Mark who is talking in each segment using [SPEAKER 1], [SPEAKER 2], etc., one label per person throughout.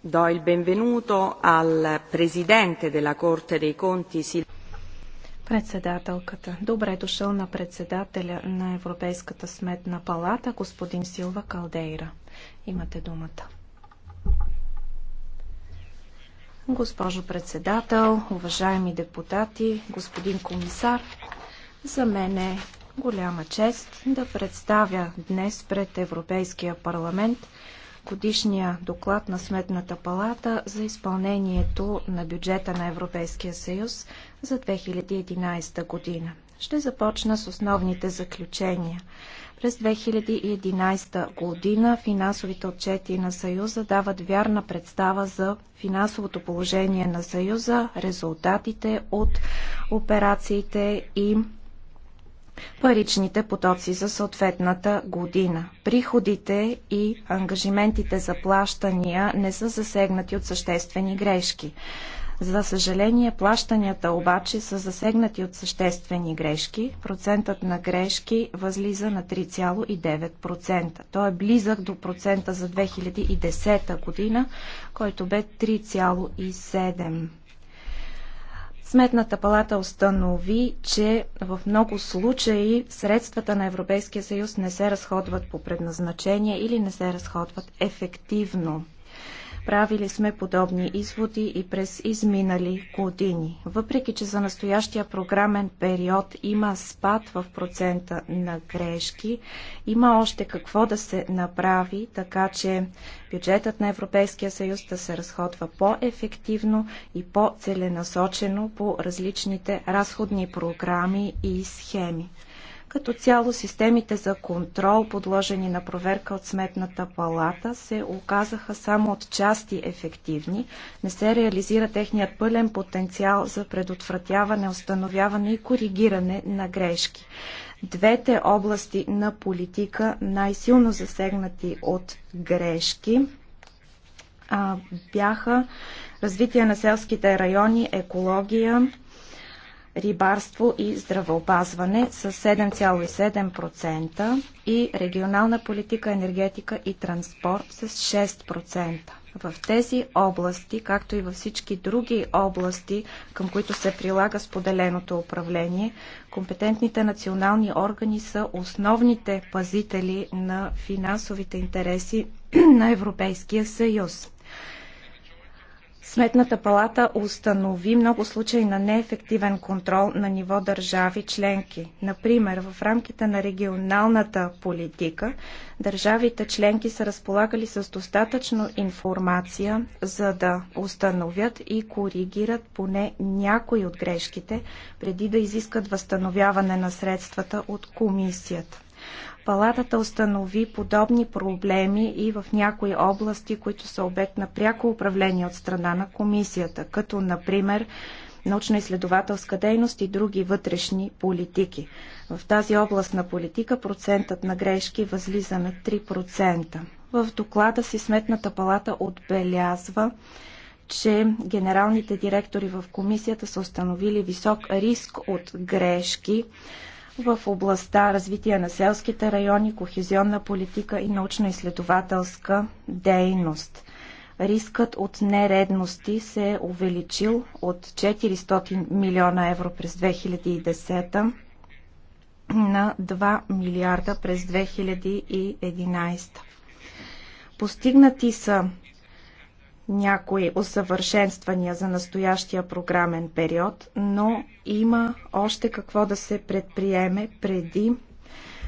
[SPEAKER 1] Do il benvenuto al presidente della Corte dei Conti
[SPEAKER 2] председателката. Добре е дошъл на председателя на Европейската сметна палата, господин Силва Калдейра. Имате думата. Госпожо председател, уважаеми депутати, господин комисар, за мен е голяма чест да представя днес пред Европейския парламент годишния доклад на Сметната палата за изпълнението на бюджета на Европейския съюз за 2011 година. Ще започна с основните заключения. През 2011 година финансовите отчети на Съюза дават вярна представа за финансовото положение на Съюза, резултатите от операциите и паричните потоци за съответната година. Приходите и ангажиментите за плащания не са засегнати от съществени грешки. За съжаление, плащанията обаче са засегнати от съществени грешки. Процентът на грешки възлиза на 3,9%. Той е близък до процента за 2010 година, който бе 3,7%. Сметната палата установи, че в много случаи средствата на Европейския съюз не се разходват по предназначение или не се разходват ефективно. Правили сме подобни изводи и през изминали години. Въпреки, че за настоящия програмен период има спад в процента на грешки, има още какво да се направи, така че бюджетът на Европейския съюз да се разходва по-ефективно и по-целенасочено по различните разходни програми и схеми. Като цяло системите за контрол, подложени на проверка от Сметната палата, се оказаха само от части ефективни. Не се реализира техният пълен потенциал за предотвратяване, установяване и коригиране на грешки. Двете области на политика, най-силно засегнати от грешки, бяха развитие на селските райони, екология, рибарство и здравеопазване с 7,7% и регионална политика, енергетика и транспорт с 6%. В тези области, както и във всички други области, към които се прилага споделеното управление, компетентните национални органи са основните пазители на финансовите интереси на Европейския съюз. Сметната палата установи много случаи на неефективен контрол на ниво държави членки. Например, в рамките на регионалната политика държавите членки са разполагали с достатъчно информация, за да установят и коригират поне някои от грешките, преди да изискат възстановяване на средствата от комисията. Палатата установи подобни проблеми и в някои области, които са обект на пряко управление от страна на комисията, като например научно-изследователска дейност и други вътрешни политики. В тази област на политика процентът на грешки възлиза на 3%. В доклада си Сметната палата отбелязва, че генералните директори в комисията са установили висок риск от грешки в областта развитие на селските райони, кохезионна политика и научно-изследователска дейност. Рискът от нередности се е увеличил от 400 милиона евро през 2010 на 2 милиарда през 2011. Постигнати са някои усъвършенствания за настоящия програмен период, но има още какво да се предприеме преди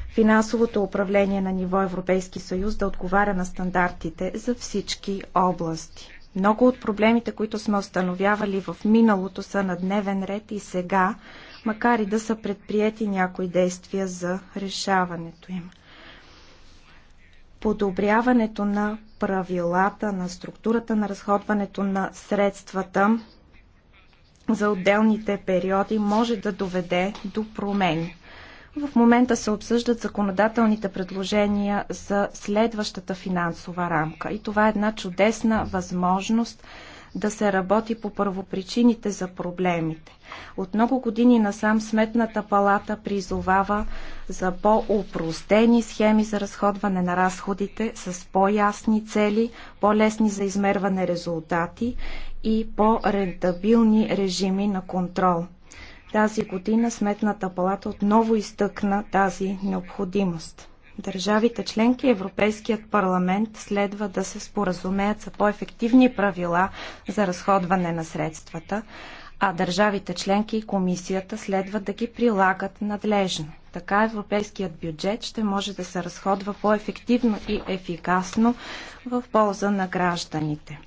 [SPEAKER 2] финансовото управление на ниво Европейски съюз да отговаря на стандартите за всички области. Много от проблемите, които сме установявали в миналото, са на дневен ред и сега, макар и да са предприяти някои действия за решаването им. Подобряването на правилата, на структурата на разходването на средствата за отделните периоди може да доведе до промени. В момента се обсъждат законодателните предложения за следващата финансова рамка и това е една чудесна възможност – да се работи по първопричините за проблемите. От много години насам Сметната палата призовава за по-упростени схеми за разходване на разходите с по-ясни цели, по-лесни за измерване резултати и по-рентабилни режими на контрол. Тази година Сметната палата отново изтъкна тази необходимост. Държавите членки и Европейският парламент следва да се споразумеят за по-ефективни правила за разходване на средствата, а държавите членки и комисията следва да ги прилагат надлежно. Така европейският бюджет ще може да се разходва по-ефективно и ефикасно в полза на гражданите.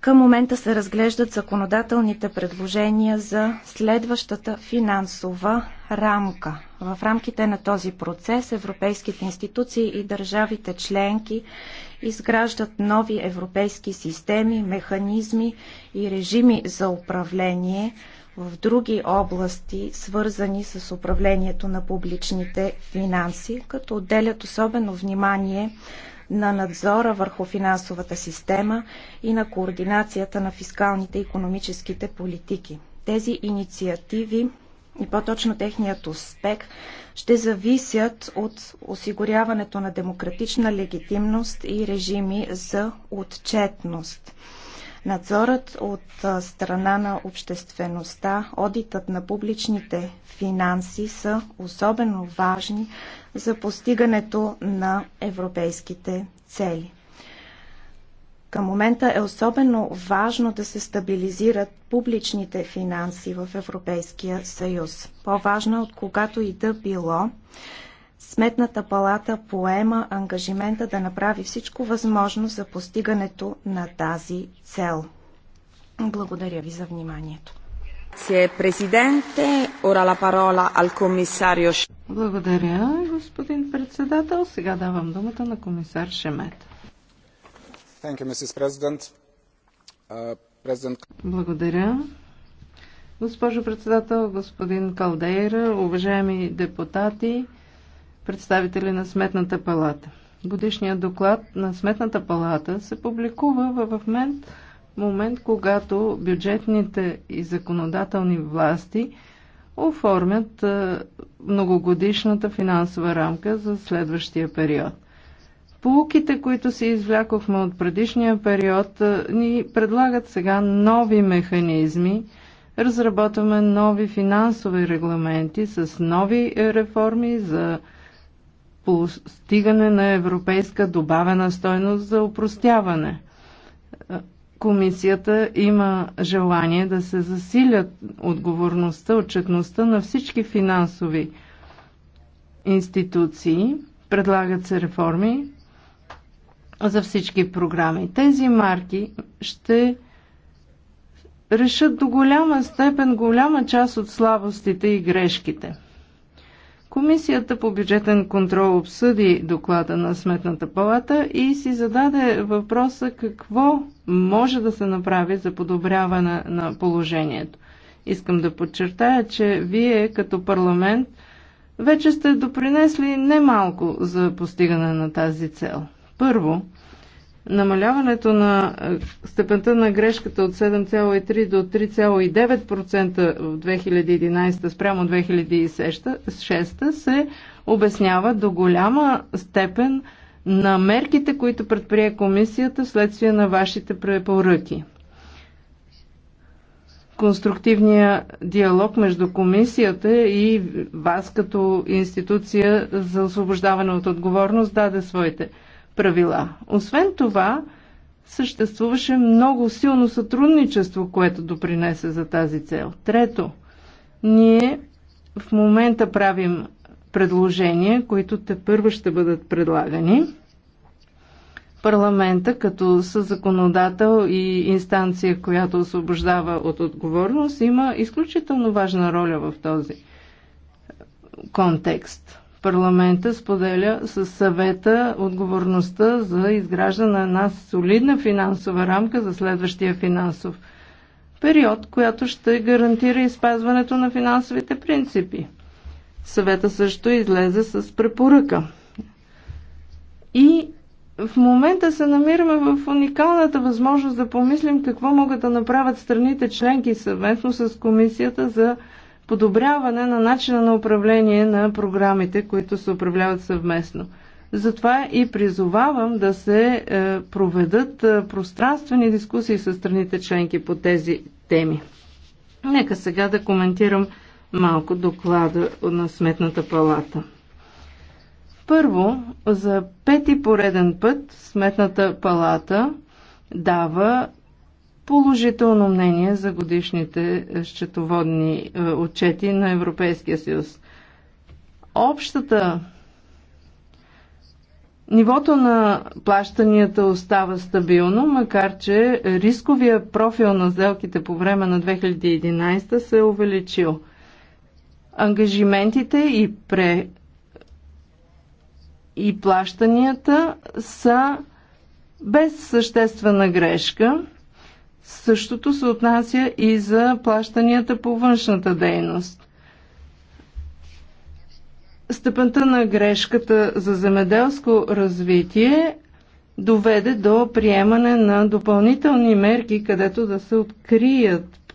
[SPEAKER 2] Към момента се разглеждат законодателните предложения за следващата финансова рамка. В рамките на този процес европейските институции и държавите членки изграждат нови европейски системи, механизми и режими за управление в други области, свързани с управлението на публичните финанси, като отделят особено внимание на надзора върху финансовата система и на координацията на фискалните и економическите политики. Тези инициативи и по-точно техният успех ще зависят от осигуряването на демократична легитимност и режими за отчетност. Надзорът от страна на обществеността, одитът на публичните финанси са особено важни за постигането на европейските цели. Към момента е особено важно да се стабилизират публичните финанси в Европейския съюз. По-важно е от когато и да било, Сметната палата поема ангажимента да направи всичко възможно за постигането на тази цел. Благодаря ви за вниманието.
[SPEAKER 3] Благодаря, господин председател. Сега давам думата на комисар Шемет.
[SPEAKER 4] Uh,
[SPEAKER 3] Благодаря. Госпожо председател, господин Калдейра, уважаеми депутати, представители на Сметната палата. Годишният доклад на Сметната палата се публикува в момент момент, когато бюджетните и законодателни власти оформят многогодишната финансова рамка за следващия период. Полуките, които се извлякохме от предишния период, ни предлагат сега нови механизми, разработваме нови финансови регламенти с нови е, реформи за постигане на европейска добавена стойност за упростяване. Комисията има желание да се засилят отговорността, отчетността на всички финансови институции. Предлагат се реформи за всички програми. Тези марки ще решат до голяма степен голяма част от слабостите и грешките. Комисията по бюджетен контрол обсъди доклада на Сметната палата и си зададе въпроса какво може да се направи за подобряване на положението. Искам да подчертая, че вие като парламент вече сте допринесли немалко за постигане на тази цел. Първо, Намаляването на е, степента на грешката от 7,3 до 3,9% в 2011 спрямо 2006 се обяснява до голяма степен на мерките, които предприе комисията вследствие на вашите препоръки. Конструктивния диалог между комисията и вас като институция за освобождаване от отговорност даде своите правила. Освен това, съществуваше много силно сътрудничество, което допринесе за тази цел. Трето, ние в момента правим предложения, които те първо ще бъдат предлагани. Парламента като със законодател и инстанция, която освобождава от отговорност, има изключително важна роля в този контекст парламента споделя с съвета отговорността за изграждане на една солидна финансова рамка за следващия финансов период, която ще гарантира изпазването на финансовите принципи. Съвета също излезе с препоръка. И в момента се намираме в уникалната възможност да помислим какво могат да направят страните членки съвместно с комисията за подобряване на начина на управление на програмите, които се управляват съвместно. Затова и призовавам да се е, проведат е, пространствени дискусии с страните членки по тези теми. Нека сега да коментирам малко доклада на Сметната палата. Първо, за пети пореден път Сметната палата дава положително мнение за годишните е, счетоводни е, отчети на Европейския съюз. Общата Нивото на плащанията остава стабилно, макар че рисковия профил на сделките по време на 2011 се е увеличил. Ангажиментите и, пре... и плащанията са без съществена грешка. Същото се отнася и за плащанията по външната дейност. Степента на грешката за земеделско развитие доведе до приемане на допълнителни мерки, където да се открият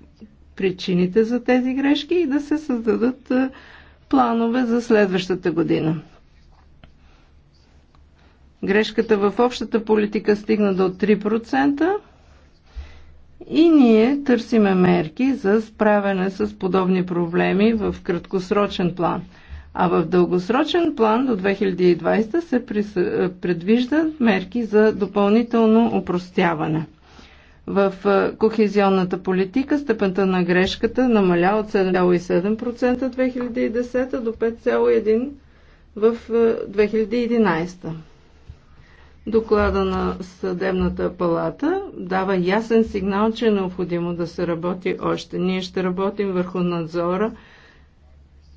[SPEAKER 3] причините за тези грешки и да се създадат планове за следващата година. Грешката в общата политика стигна до 3%. И ние търсиме мерки за справяне с подобни проблеми в краткосрочен план. А в дългосрочен план до 2020 се е, предвиждат мерки за допълнително упростяване. В е, кохезионната политика степента на грешката намаля от 7,7% 2010 до 5,1% в 2011. Е, Доклада на Съдебната палата дава ясен сигнал, че е необходимо да се работи още. Ние ще работим върху надзора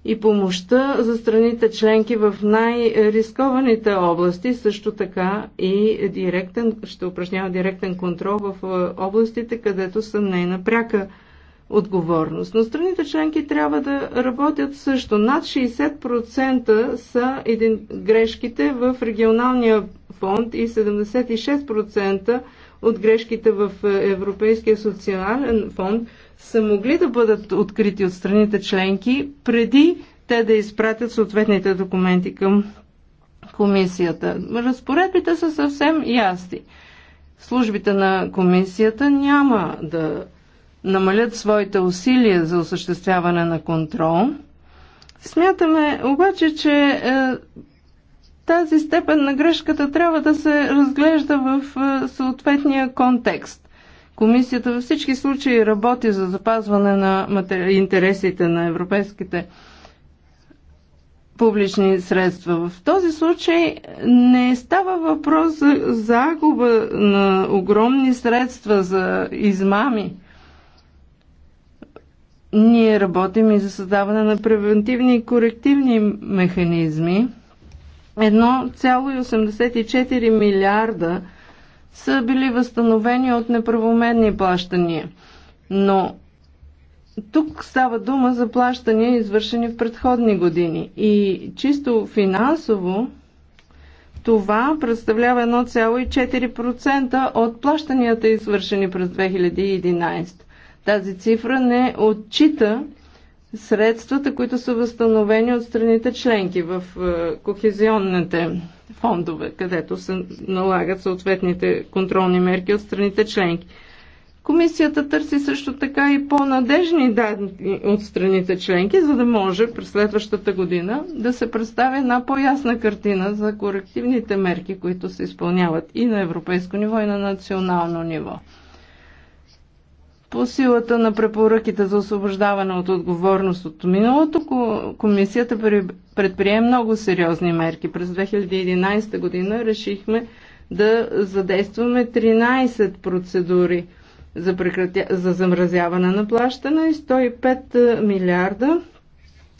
[SPEAKER 3] и помощта за страните членки в най-рискованите области, също така и директен, ще упражнява директен контрол в е, областите, където нейна пряка отговорност. Но страните членки трябва да работят също. Над 60% са един, грешките в регионалния фонд и 76% от грешките в е, Европейския социален фонд са могли да бъдат открити от страните членки преди те да изпратят съответните документи към комисията. Разпоредбите са съвсем ясни. Службите на комисията няма да намалят своите усилия за осъществяване на контрол. Смятаме обаче, че е, тази степен на грешката трябва да се разглежда в е, съответния контекст. Комисията във всички случаи работи за запазване на матери... интересите на европейските публични средства. В този случай не става въпрос за загуба на огромни средства за измами. Ние работим и за създаване на превентивни и корективни механизми. 1,84 милиарда са били възстановени от неправомерни плащания. Но тук става дума за плащания, извършени в предходни години. И чисто финансово това представлява 1,4% от плащанията, извършени през 2011. Тази цифра не отчита средствата, които са възстановени от страните членки в е, кохезионните фондове, където се налагат съответните контролни мерки от страните членки. Комисията търси също така и по-надежни данни от страните членки, за да може през следващата година да се представи една по-ясна картина за корективните мерки, които се изпълняват и на европейско ниво, и на национално ниво. По силата на препоръките за освобождаване от отговорност от миналото, комисията предприе много сериозни мерки. През 2011 година решихме да задействаме 13 процедури за, прекратя... за замразяване на плащане и 105 е, милиарда.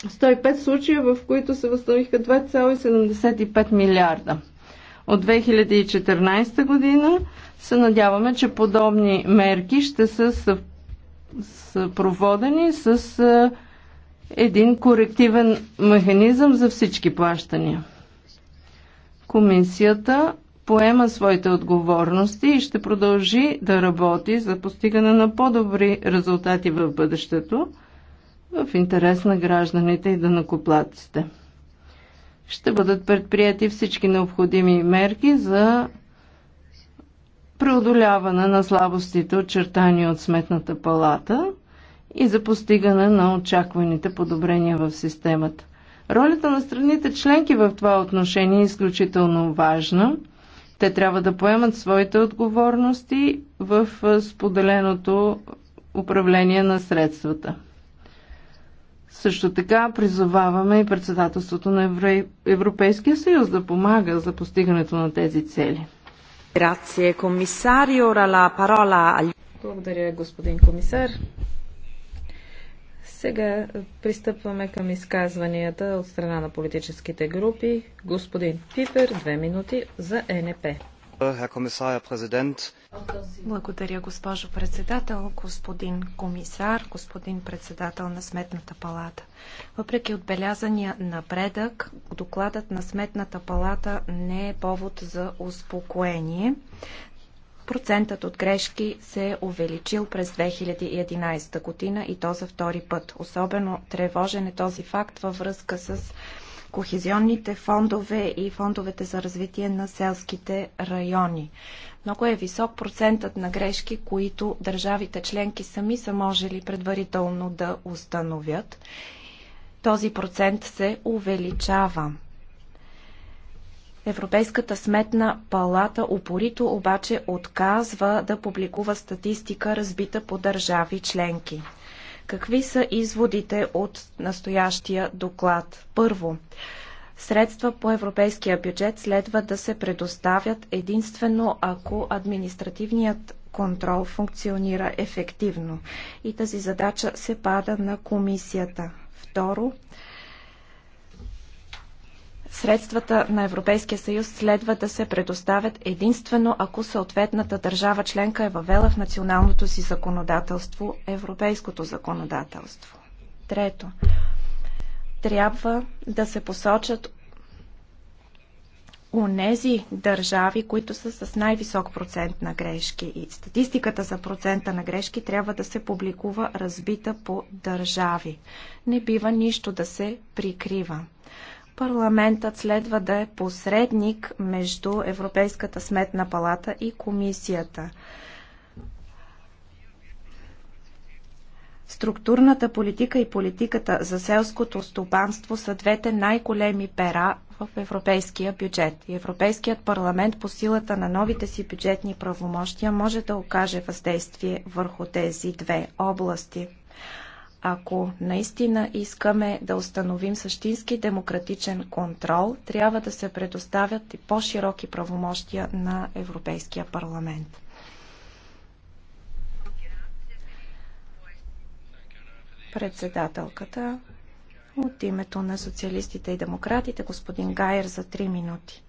[SPEAKER 3] 105 случая, в които се възстановиха 2,75 милиарда. От 2014 година се надяваме, че подобни мерки ще са съпроводени с един корективен механизъм за всички плащания. Комисията поема своите отговорности и ще продължи да работи за постигане на по-добри резултати в бъдещето в интерес на гражданите и данакоплатците. Ще бъдат предприяти всички необходими мерки за преодоляване на слабостите, очертани от Сметната палата и за постигане на очакваните подобрения в системата. Ролята на страните членки в това отношение е изключително важна. Те трябва да поемат своите отговорности в споделеното управление на средствата. Също така призоваваме и председателството на Европейския съюз да помага за постигането на тези цели.
[SPEAKER 4] Благодаря, господин комисар. Сега пристъпваме към изказванията от страна на политическите групи.
[SPEAKER 2] Господин Пипер, две минути за НП. Благодаря, госпожо председател, господин комисар, господин председател на Сметната палата. Въпреки отбелязания напредък, докладът на Сметната палата не е повод за успокоение. Процентът от грешки се е увеличил през 2011 година и то за втори път. Особено тревожен е този факт във връзка с кохезионните фондове и фондовете за развитие на селските райони. Много е висок процентът на грешки, които държавите членки сами са можели предварително да установят. Този процент се увеличава. Европейската сметна палата упорито обаче отказва да публикува статистика, разбита по държави членки. Какви са изводите от настоящия доклад? Първо, средства по европейския бюджет следва да се предоставят единствено ако административният контрол функционира ефективно. И тази задача се пада на комисията. Второ, Средствата на Европейския съюз следва да се предоставят единствено ако съответната държава членка е въвела в националното си законодателство европейското законодателство. Трето, трябва да се посочат унези държави, които са с най-висок процент на грешки. И статистиката за процента на грешки трябва да се публикува разбита по държави. Не бива нищо да се прикрива. Парламентът следва да е посредник между Европейската сметна палата и комисията. Структурната политика и политиката за селското стопанство са двете най-големи пера в европейския бюджет. Европейският парламент по силата на новите си бюджетни правомощия може да окаже въздействие върху тези две области. Ако наистина искаме да установим същински демократичен контрол, трябва да се предоставят и по-широки правомощия на Европейския парламент. Председателката от името на социалистите и демократите, господин Гайер, за 3 минути.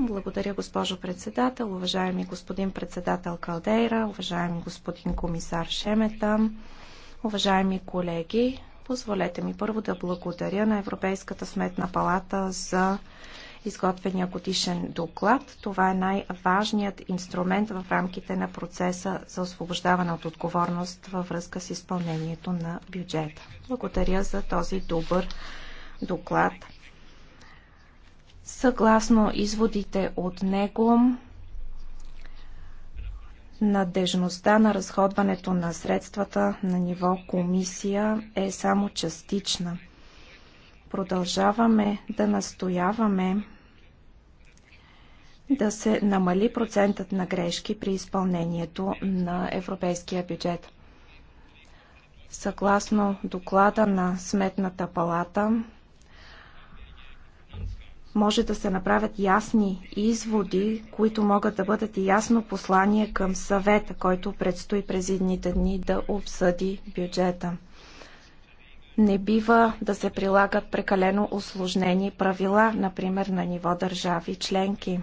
[SPEAKER 2] Благодаря, госпожо председател, уважаеми господин председател Калдейра, уважаеми господин комисар Шемета, уважаеми колеги. Позволете ми първо да благодаря на Европейската сметна палата за изготвения годишен доклад. Това е най-важният инструмент в рамките на процеса за освобождаване от отговорност във връзка с изпълнението на бюджета. Благодаря за този добър доклад. Съгласно изводите от него, надежността на разходването на средствата на ниво комисия е само частична. Продължаваме да настояваме да се намали процентът на грешки при изпълнението на европейския бюджет. Съгласно доклада на Сметната палата, може да се направят ясни изводи, които могат да бъдат и ясно послание към съвета, който предстои през едните дни да обсъди бюджета. Не бива да се прилагат прекалено осложнени правила, например на ниво държави членки.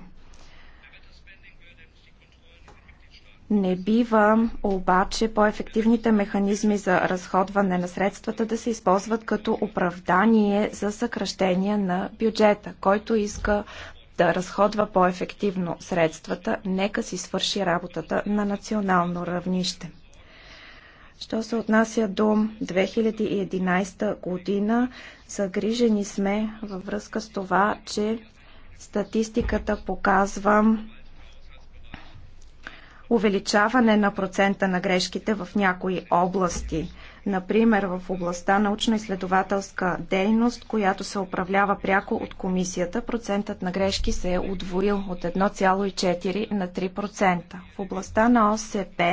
[SPEAKER 2] Не бива обаче по-ефективните механизми за разходване на средствата да се използват като оправдание за съкръщение на бюджета. Който иска да разходва по-ефективно средствата, нека си свърши работата на национално равнище. Що се отнася до 2011 година, загрижени сме във връзка с това, че статистиката показва увеличаване на процента на грешките в някои области. Например, в областта научно-изследователска дейност, която се управлява пряко от комисията, процентът на грешки се е удвоил от 1,4 на 3%. В областта на ОСП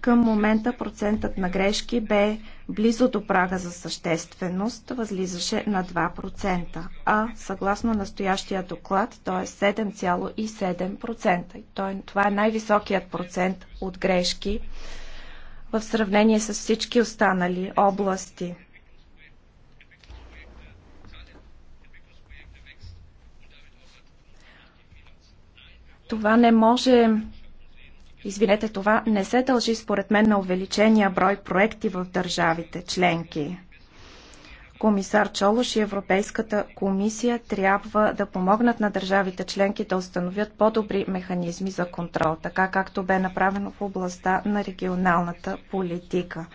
[SPEAKER 2] към момента процентът на грешки бе близо до прага за същественост, възлизаше на 2%, а съгласно настоящия доклад то е 7,7%. Това е най-високият процент от грешки в сравнение с всички останали области. Това не може Извинете, това не се дължи според мен на увеличения брой проекти в държавите членки. Комисар Чолош и Европейската комисия трябва да помогнат на държавите членки да установят по-добри механизми за контрол, така както бе направено в областта на регионалната политика.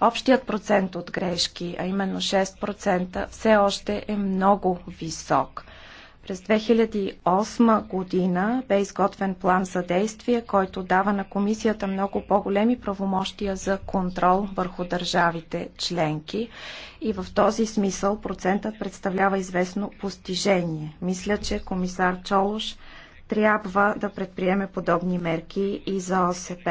[SPEAKER 2] Общият процент от грешки, а именно 6%, все още е много висок. През 2008 година бе изготвен план за действие, който дава на комисията много по-големи правомощия за контрол върху държавите членки и в този смисъл процентът представлява известно постижение. Мисля, че комисар Чолош трябва да предприеме подобни мерки и за ОСП.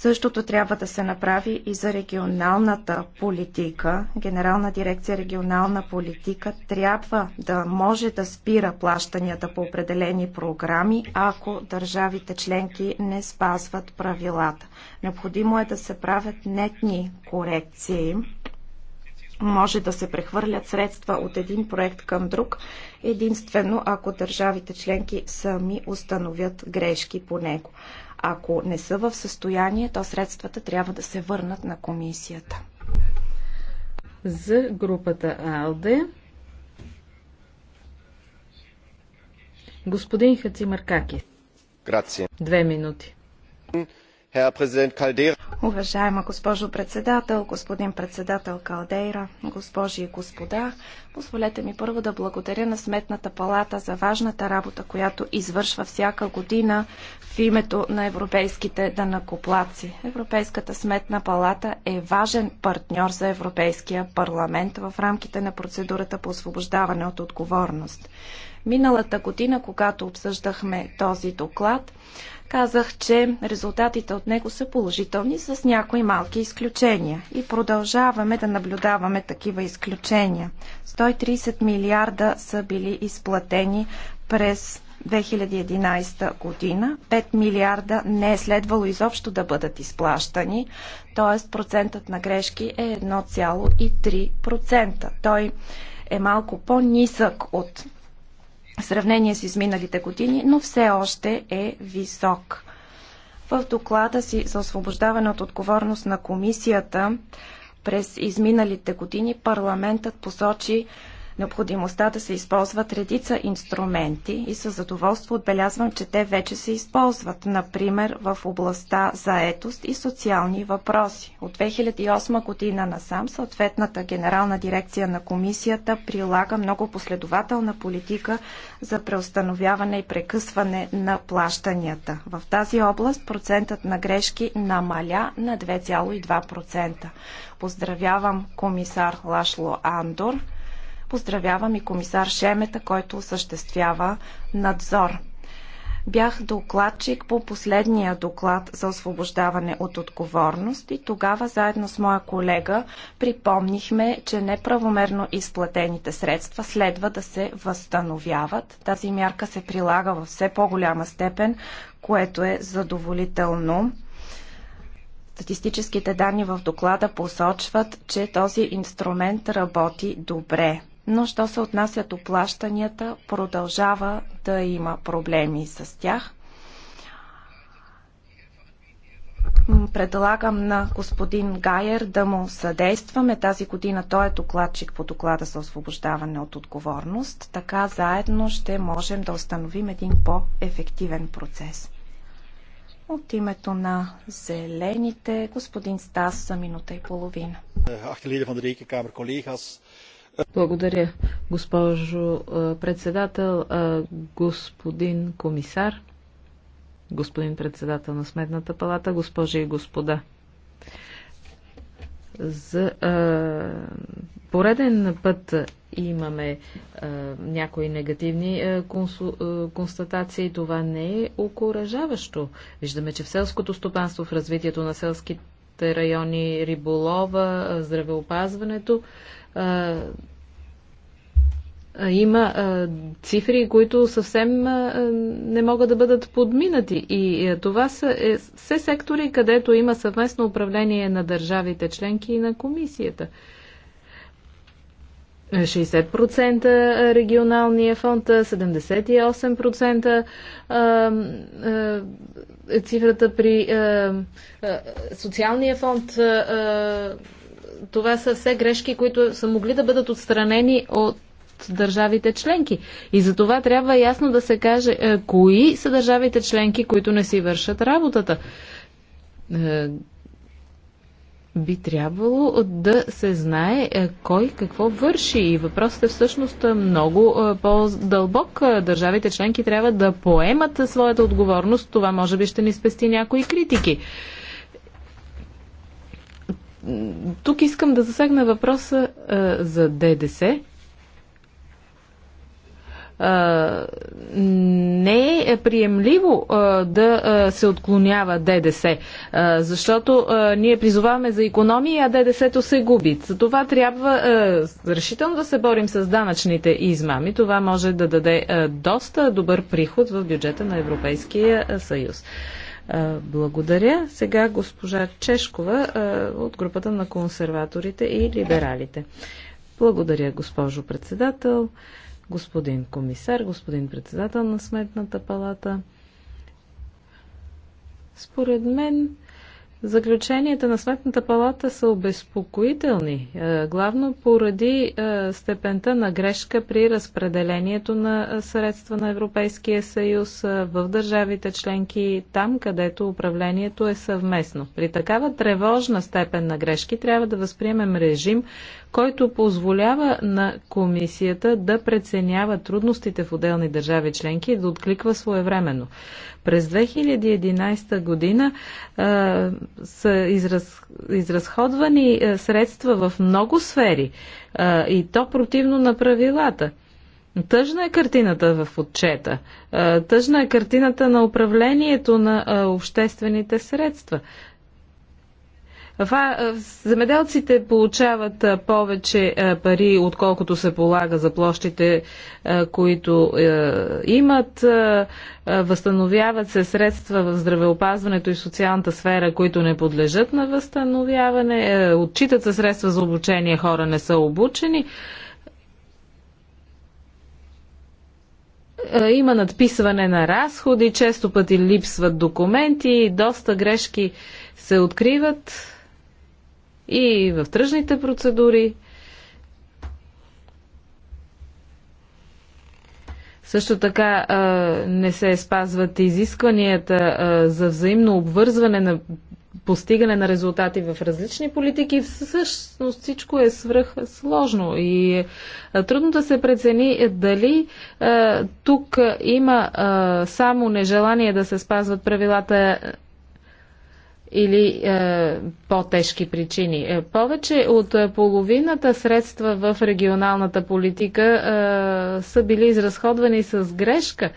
[SPEAKER 2] Същото трябва да се направи и за регионалната политика. Генерална дирекция регионална политика трябва да може да спира плащанията по определени програми, ако държавите членки не спазват правилата. Необходимо е да се правят нетни корекции. Може да се прехвърлят средства от един проект към друг, единствено ако държавите членки сами установят грешки по него. Ако не са в състояние, то средствата трябва да се върнат на комисията. За групата
[SPEAKER 4] АЛДЕ господин
[SPEAKER 2] Хацимаркаки. Каки. Две минути. Уважаема госпожо председател, господин председател Калдейра, госпожи и господа, Позволете ми първо да благодаря на Сметната палата за важната работа, която извършва всяка година в името на европейските данакоплаци. Европейската Сметна палата е важен партньор за Европейския парламент в рамките на процедурата по освобождаване от отговорност. Миналата година, когато обсъждахме този доклад, казах, че резултатите от него са положителни с някои малки изключения и продължаваме да наблюдаваме такива изключения. 130 милиарда са били изплатени през 2011 година. 5 милиарда не е следвало изобщо да бъдат изплащани, т.е. процентът на грешки е 1,3%. Той е малко по-нисък от в сравнение с изминалите години, но все още е висок. В доклада си за освобождаване от отговорност на комисията през изминалите години парламентът посочи необходимостта да се използват редица инструменти и със задоволство отбелязвам, че те вече се използват, например в областта заетост и социални въпроси. От 2008 година насам съответната генерална дирекция на комисията прилага много последователна политика за преустановяване и прекъсване на плащанията. В тази област процентът на грешки намаля на 2,2%. Поздравявам комисар Лашло Андор Поздравявам и комисар Шемета, който осъществява надзор. Бях докладчик по последния доклад за освобождаване от отговорност и тогава заедно с моя колега припомнихме, че неправомерно изплатените средства следва да се възстановяват. Тази мярка се прилага във все по-голяма степен, което е задоволително. Статистическите данни в доклада посочват, че този инструмент работи добре но що се отнася до плащанията, продължава да има проблеми с тях. Предлагам на господин Гайер да му съдействаме. Тази година той е докладчик по доклада за освобождаване от отговорност. Така заедно ще можем да установим един по-ефективен процес. От името на зелените, господин Стас за минута и половина. Achterleden van de rekenkamer,
[SPEAKER 4] благодаря, госпожо председател, господин комисар, господин председател на Сметната палата, госпожи и господа. За а, пореден път имаме а, някои негативни а, консу, а, констатации. Това не е окоръжаващо. Виждаме, че в селското стопанство, в развитието на селските райони, риболова, здравеопазването, има цифри, които съвсем не могат да бъдат подминати. И това са е, все сектори, където има съвместно управление на държавите членки и на комисията. 60% регионалния фонд, 78% а, цифрата при социалния фонд това са все грешки, които са могли да бъдат отстранени от държавите членки. И за това трябва ясно да се каже е, кои са държавите членки, които не си вършат работата. Е, би трябвало да се знае е, кой какво върши. И въпросът е всъщност много е, по-дълбок. Е, държавите членки трябва да поемат своята отговорност. Това може би ще ни спести някои критики. Е, тук искам да засегна въпроса а, за ДДС. А, не е приемливо а, да а, се отклонява ДДС, а, защото а, ние призоваваме за економия, а ДДС-то се губи. За това трябва а, решително да се борим с данъчните измами. Това може да даде а, доста добър приход в бюджета на Европейския съюз. Благодаря. Сега госпожа Чешкова от групата на консерваторите и либералите. Благодаря, госпожо председател, господин комисар, господин председател на Сметната палата. Според мен Заключенията на Сметната палата са обезпокоителни, е, главно поради е, степента на грешка при разпределението на е, средства на Европейския съюз в държавите членки, там където управлението е съвместно. При такава тревожна степен на грешки трябва да възприемем режим, който позволява на комисията да преценява трудностите в отделни държави членки и да откликва своевременно. През 2011 година а, са израз, изразходвани средства в много сфери а, и то противно на правилата. Тъжна е картината в отчета. Тъжна е картината на управлението на обществените средства. Е, земеделците получават е, повече е, пари, отколкото се полага за площите, които имат. Възстановяват се средства в здравеопазването и социалната сфера, които не подлежат на възстановяване. Отчитат се средства за обучение, хора не са обучени. има надписване на разходи, често пъти липсват документи, доста грешки се откриват и в тръжните процедури. Също така не се спазват изискванията за взаимно обвързване на постигане на резултати в различни политики. Всъщност всичко е свръх сложно и трудно да се прецени е, дали тук има само нежелание да се спазват правилата или е, по-тежки причини. Е, повече от е, половината средства в регионалната политика е, са били изразходвани с грешка.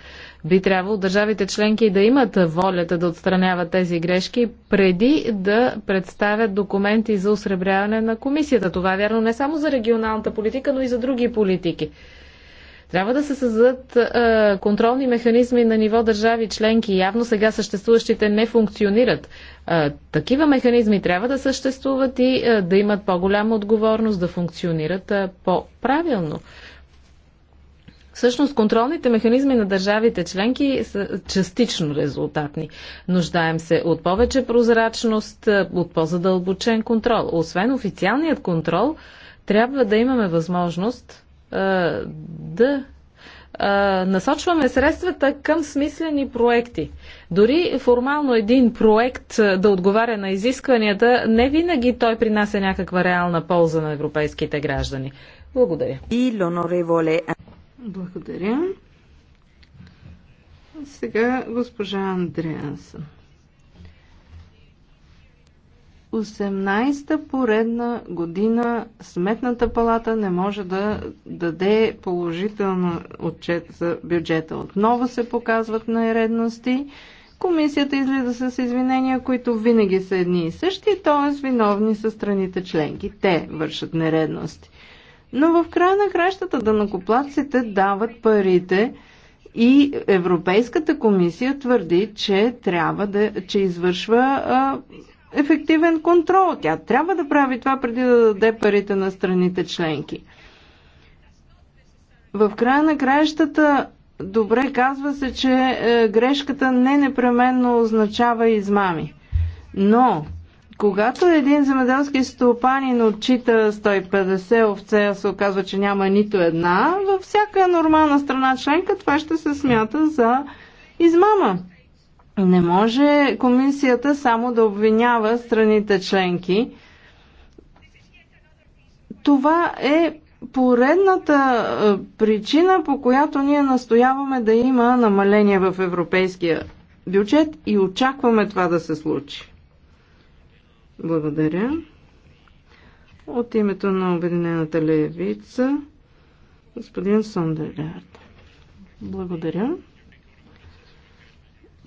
[SPEAKER 4] Би трябвало държавите членки да имат волята да отстраняват тези грешки преди да представят документи за усребряване на комисията. Това е вярно не само за регионалната политика, но и за други политики. Трябва да се създадат е, контролни механизми на ниво държави членки. Явно сега съществуващите не функционират. Е, такива механизми трябва да съществуват и е, да имат по-голяма отговорност, да функционират е, по-правилно. Всъщност контролните механизми на държавите членки са частично резултатни. Нуждаем се от повече прозрачност, е, от по-задълбочен контрол. Освен официалният контрол, трябва да имаме възможност да насочваме средствата към смислени проекти. Дори формално един проект да отговаря на изискванията, не винаги той принася някаква реална полза на европейските граждани. Благодаря. Благодаря. Сега
[SPEAKER 3] госпожа Андреасън. 18-та поредна година Сметната палата не може да даде положително отчет за бюджета. Отново се показват нередности. Комисията излиза с извинения, които винаги са едни и същи, т.е. виновни са страните членки. Те вършат нередности. Но в края на кращата да накоплаците дават парите, и Европейската комисия твърди, че трябва да, че извършва а, ефективен контрол. Тя трябва да прави това преди да даде парите на страните членки. В края на краищата, добре казва се, че е, грешката не непременно означава измами. Но, когато един земеделски стопанин отчита 150 овце, а се оказва, че няма нито една, във всяка нормална страна членка това ще се смята за измама. Не може комисията само да обвинява страните членки. Това е поредната е, причина, по която ние настояваме да има намаление в европейския бюджет и очакваме това да се случи. Благодаря. От името на Обединената левица, господин Сондерлярд. Благодаря.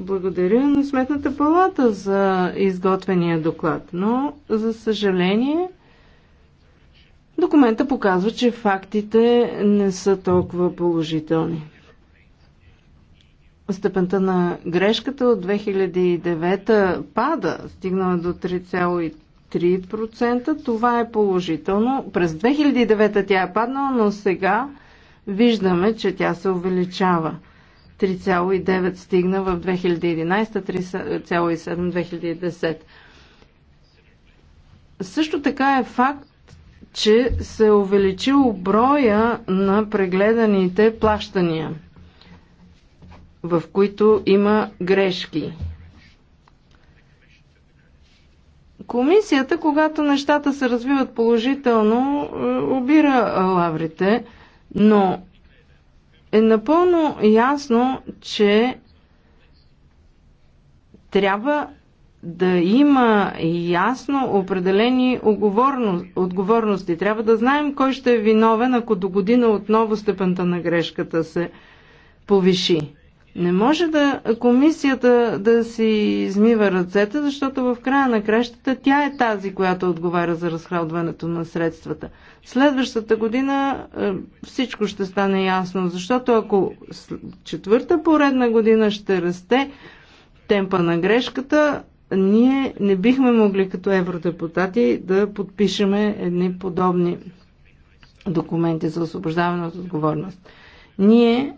[SPEAKER 3] Благодаря на Сметната палата за изготвения доклад, но за съжаление документа показва, че фактите не са толкова положителни. Степента на грешката от 2009 пада, стигнала до 3,3%. Това е положително. През 2009 тя е паднала, но сега виждаме, че тя се увеличава. 3,9 стигна в 2011, 3,7 2010. Също така е факт, че се е увеличил броя на прегледаните плащания, в които има грешки. Комисията, когато нещата се развиват положително, е, обира лаврите, но е напълно ясно, че трябва да има ясно определени отговорности. Трябва да знаем кой ще е виновен, ако до година отново степента на грешката се повиши. Не може да комисията да си измива ръцете, защото в края на кращата тя е тази, която отговаря за разхладването на средствата. Следващата година е, всичко ще стане ясно, защото ако четвърта поредна година ще расте темпа на грешката, ние не бихме могли като евродепутати да подпишеме едни подобни документи за освобождаване от отговорност. Ние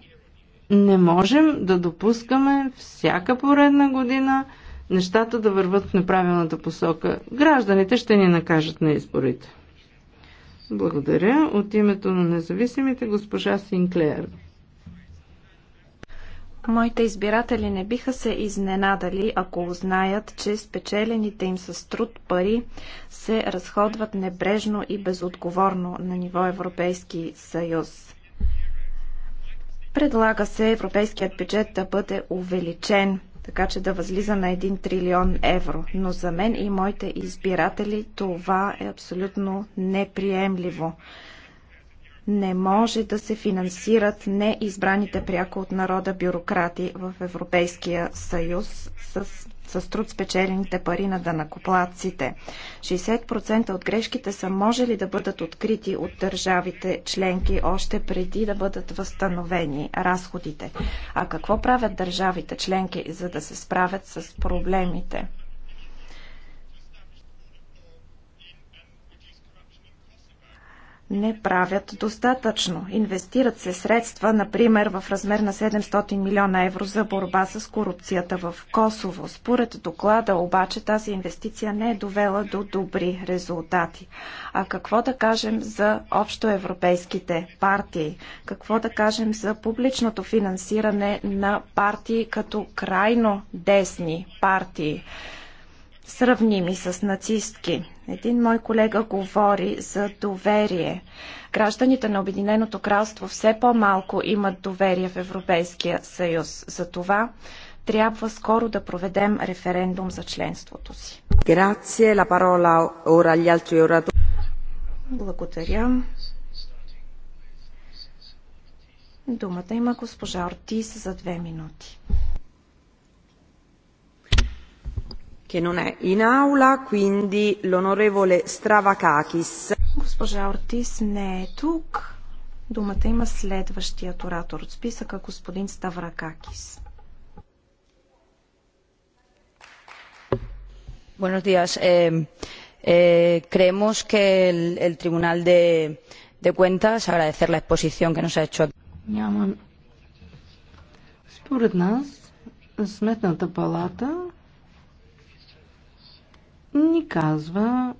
[SPEAKER 3] не можем да допускаме всяка поредна година нещата да върват в неправилната посока. Гражданите ще ни накажат на изборите. Благодаря. От името на независимите госпожа Синклер.
[SPEAKER 2] Моите избиратели не биха се изненадали, ако узнаят, че спечелените им с труд пари се разходват небрежно и безотговорно на ниво Европейски съюз. Предлага се европейският бюджет да бъде увеличен, така че да възлиза на 1 трилион евро. Но за мен и моите избиратели това е абсолютно неприемливо. Не може да се финансират неизбраните пряко от народа бюрократи в Европейския съюз с с труд спечелените пари на данакоплаците. 60% от грешките са можели да бъдат открити от държавите членки още преди да бъдат възстановени разходите. А какво правят държавите членки, за да се справят с проблемите? не правят достатъчно. Инвестират се средства, например в размер на 700 милиона евро за борба с корупцията в Косово. Според доклада обаче тази инвестиция не е довела до добри резултати. А какво да кажем за общоевропейските партии? Какво да кажем за публичното финансиране на партии като крайно десни партии? сравними с нацистки. Един мой колега говори за доверие. Гражданите на Обединеното кралство все по-малко имат доверие в Европейския съюз. За това трябва скоро да проведем референдум за членството си. Благодаря. Думата има госпожа Ортис за две минути.
[SPEAKER 1] che non è in aula, quindi l'onorevole Stravakakis. Госпожа Ортис не е тук.
[SPEAKER 2] Думата има следващият оратор от списъка, господин Ставракакис.
[SPEAKER 1] Buenos días. Eh, eh, creemos que el, el Tribunal de, de Cuentas, agradecer la exposición que nos ha hecho aquí. Няма. Според нас,
[SPEAKER 3] Сметната палата ни казва,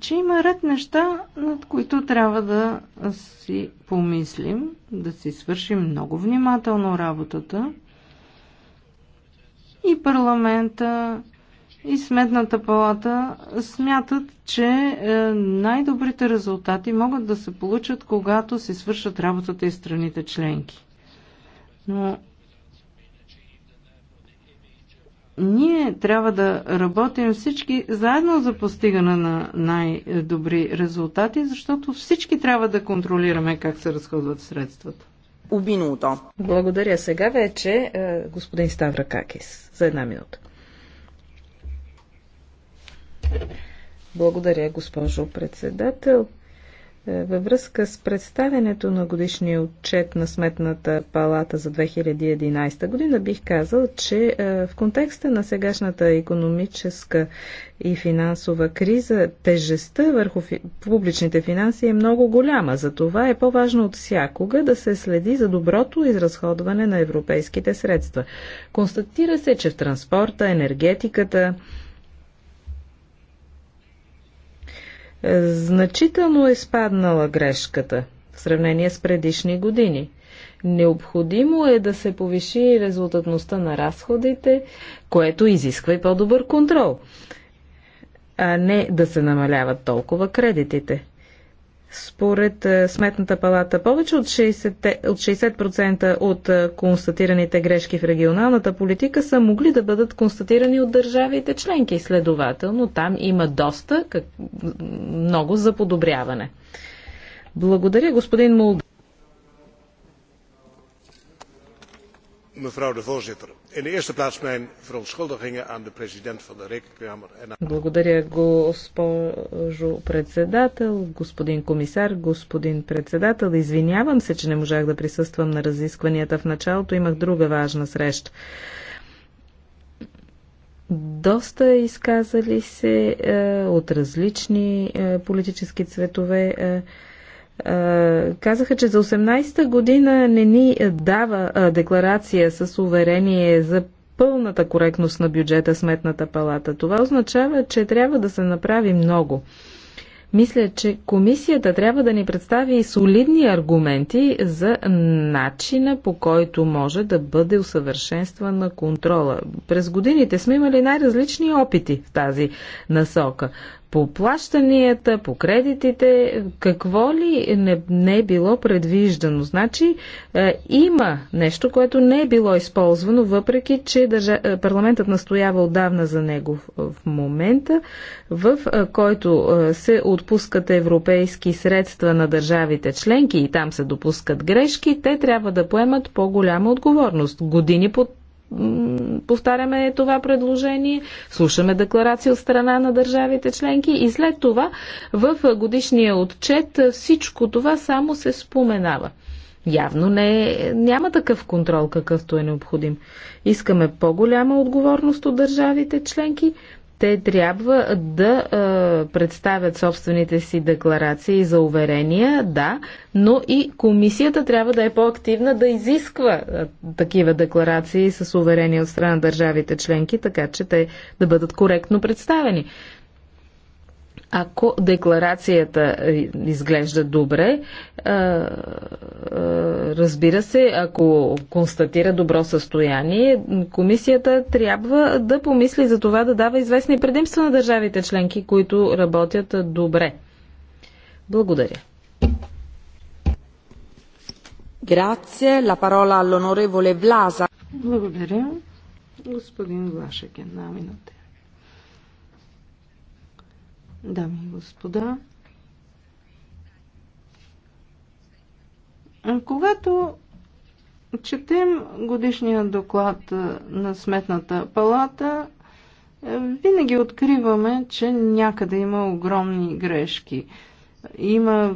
[SPEAKER 3] че има ред неща, над които трябва да си помислим, да си свършим много внимателно работата. И парламента, и Сметната палата смятат, че е, най-добрите резултати могат да се получат, когато си свършат работата и страните членки. Но Ние трябва да работим всички заедно за постигане на най-добри резултати, защото всички трябва да контролираме как се разходват средствата. Обинуто.
[SPEAKER 4] Благодаря. Сега вече е, господин Ставра Какис за една минута. Благодаря, госпожо председател. Е, във връзка с представенето на годишния отчет на Сметната палата за 2011 година бих казал, че е, в контекста на сегашната економическа и финансова криза тежестта върху публичните финанси е много голяма. Затова е по-важно от всякога да се следи за доброто изразходване на европейските средства. Констатира се, че в транспорта, енергетиката, Е, значително е спаднала грешката в сравнение с предишни години. Необходимо е да се повиши резултатността на разходите, което изисква и по-добър контрол, а не да се намаляват толкова кредитите. Според е, Сметната палата, повече от 60%, от 60% от е, констатираните грешки в регионалната политика са могли да бъдат констатирани от държавите членки. Следователно, там има доста как, много за подобряване. Благодаря, господин Мулд. mevrouw de voorzitter. In de eerste plaats mijn verontschuldigingen aan de president van de Rekenkamer. En... Благодаря, госпожо председател, господин комисар, господин председател. Извинявам се, че не можах да присъствам на разискванията в началото. Имах друга важна среща. Доста изказали се е, от различни е, политически цветове. Е, е, казаха, че за 18-та година не ни дава е, декларация с уверение за пълната коректност на бюджета Сметната палата. Това означава, че трябва да се направи много. Мисля, че комисията трябва да ни представи и солидни аргументи за начина по който може да бъде усъвършенствана контрола. През годините сме имали най-различни опити в тази насока по плащанията, по кредитите, какво ли не, не е било предвиждано. Значи е, има нещо, което не е било използвано, въпреки че държа... Е, парламентът настоява отдавна за него в, в момента, в е, който е, се отпускат европейски средства на държавите членки и там се допускат грешки, те трябва да поемат по-голяма отговорност. Години под повтаряме това предложение, слушаме декларация от страна на държавите членки и след това в годишния отчет всичко това само се споменава. Явно не, няма такъв контрол, какъвто е необходим. Искаме по-голяма отговорност от държавите членки, те трябва да е, представят собствените си декларации за уверения, да, но и комисията трябва да е по-активна да изисква е, такива декларации с уверения от страна на държавите членки, така че те да бъдат коректно представени. Ако декларацията е, изглежда добре, е, е, разбира се, ако констатира добро състояние, комисията трябва да помисли за това да дава известни предимства на
[SPEAKER 1] държавите членки, които работят добре. Благодаря. Благодаря. Господин Влашек, една минута.
[SPEAKER 3] Дами и господа, когато четем годишния доклад на Сметната палата, винаги откриваме, че някъде има огромни грешки. Има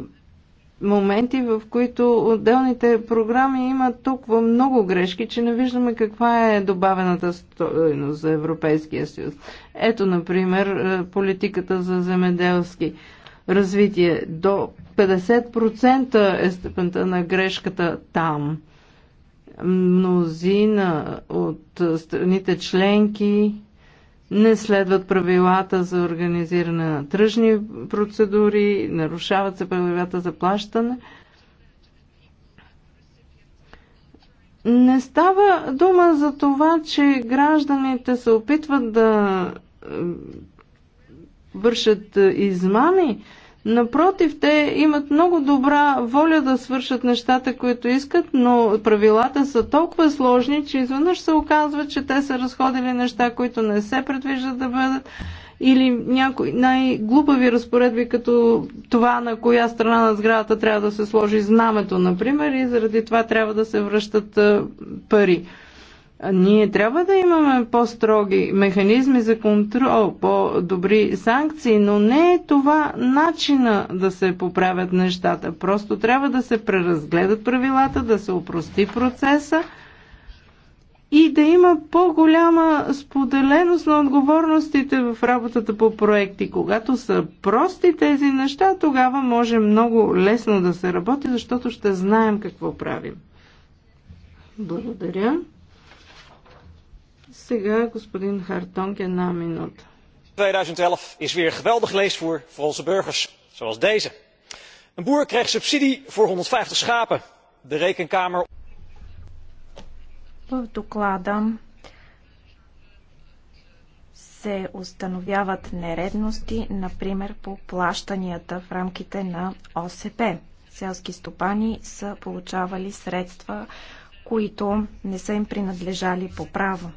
[SPEAKER 3] моменти, в които отделните програми имат толкова много грешки, че не виждаме каква е добавената стоеност за Европейския съюз. Ето, например, е, политиката за земеделски развитие. До 50% е степента на грешката там. Мнозина от страните членки не следват правилата за организиране на тръжни процедури, нарушават се правилата за плащане. Не става дума за това, че гражданите се опитват да вършат измами, Напротив, те имат много добра воля да свършат нещата, които искат, но правилата са толкова сложни, че изведнъж се оказва, че те са разходили неща, които не се предвиждат да бъдат или някои най-глупави разпоредби, като това на коя страна на сградата трябва да се сложи знамето, например, и заради това трябва да се връщат пари. Ние трябва да имаме по-строги механизми за контрол, по-добри санкции, но не е това начина да се поправят нещата. Просто трябва да се преразгледат правилата, да се опрости процеса и да има по-голяма споделеност на отговорностите в работата по проекти. Когато са прости тези неща, тогава може много лесно да се работи, защото ще знаем какво правим. Благодаря. Сега господин Хартонг една минута.
[SPEAKER 2] 2011 is weer geweldig leesvoer voor, onze burgers, zoals deze. Een boer kreeg subsidie voor 150 schapen. De rekenkamer. В доклада се установяват нередности, например по плащанията в рамките на ОСП. Селски стопани са получавали средства, които не са им принадлежали по право.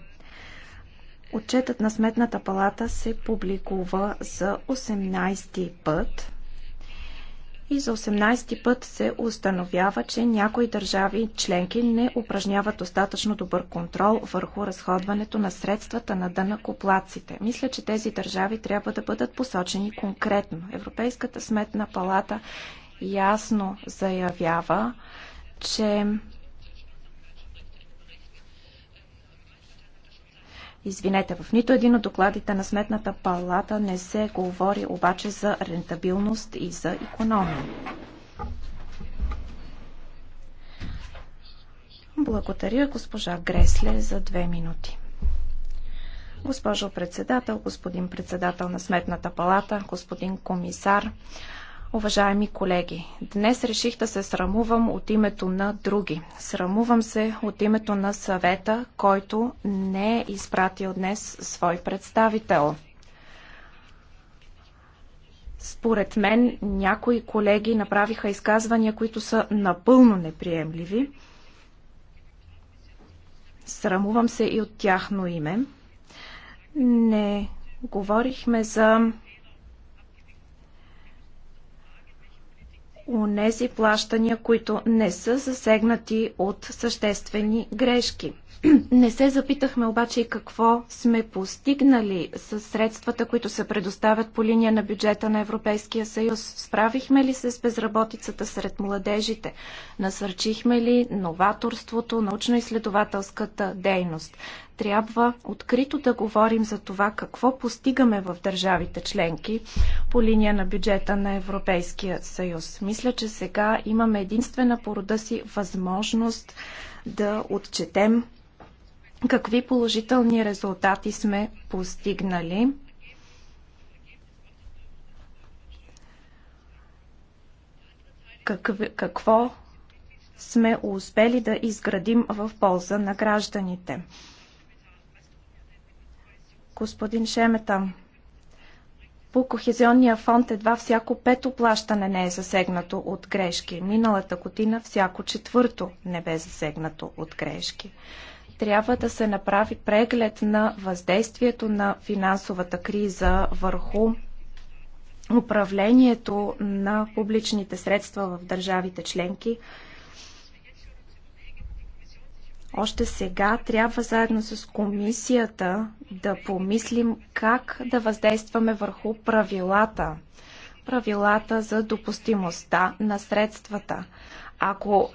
[SPEAKER 2] Отчетът на Сметната палата се публикува за 18 ти път и за 18 ти път се установява, че някои държави членки не упражняват достатъчно добър контрол върху разходването на средствата на дънакоплаците. Мисля, че тези държави трябва да бъдат посочени конкретно. Европейската сметна палата ясно заявява, че Извинете, в нито един от докладите на Сметната палата не се говори обаче за рентабилност и за економия. Благодаря госпожа Гресле за две минути. Госпожо председател, господин председател на Сметната палата, господин комисар, Уважаеми колеги, днес реших да се срамувам от името на други. Срамувам се от името на съвета, който не е изпратил днес свой представител. Според мен някои колеги направиха изказвания, които са напълно неприемливи. Срамувам се и от тяхно име. Не говорихме за унези плащания, които не са засегнати от съществени грешки. Не се запитахме обаче и какво сме постигнали с средствата, които се предоставят по линия на бюджета на Европейския съюз. Справихме ли се с безработицата сред младежите? Насърчихме ли новаторството, научно-изследователската дейност? Трябва открито да говорим за това какво постигаме в държавите членки по линия на бюджета на Европейския съюз. Мисля, че сега имаме единствена порода си възможност да отчетем какви положителни резултати сме постигнали. какво сме успели да изградим в полза на гражданите. Господин Шемета, по Кохезионния фонд едва всяко пето плащане не е засегнато от грешки. Миналата година всяко четвърто не бе засегнато от грешки трябва да се направи преглед на въздействието на финансовата криза върху управлението на публичните средства в държавите членки. Още сега трябва заедно с комисията да помислим как да въздействаме върху правилата. Правилата за допустимостта на средствата. Ако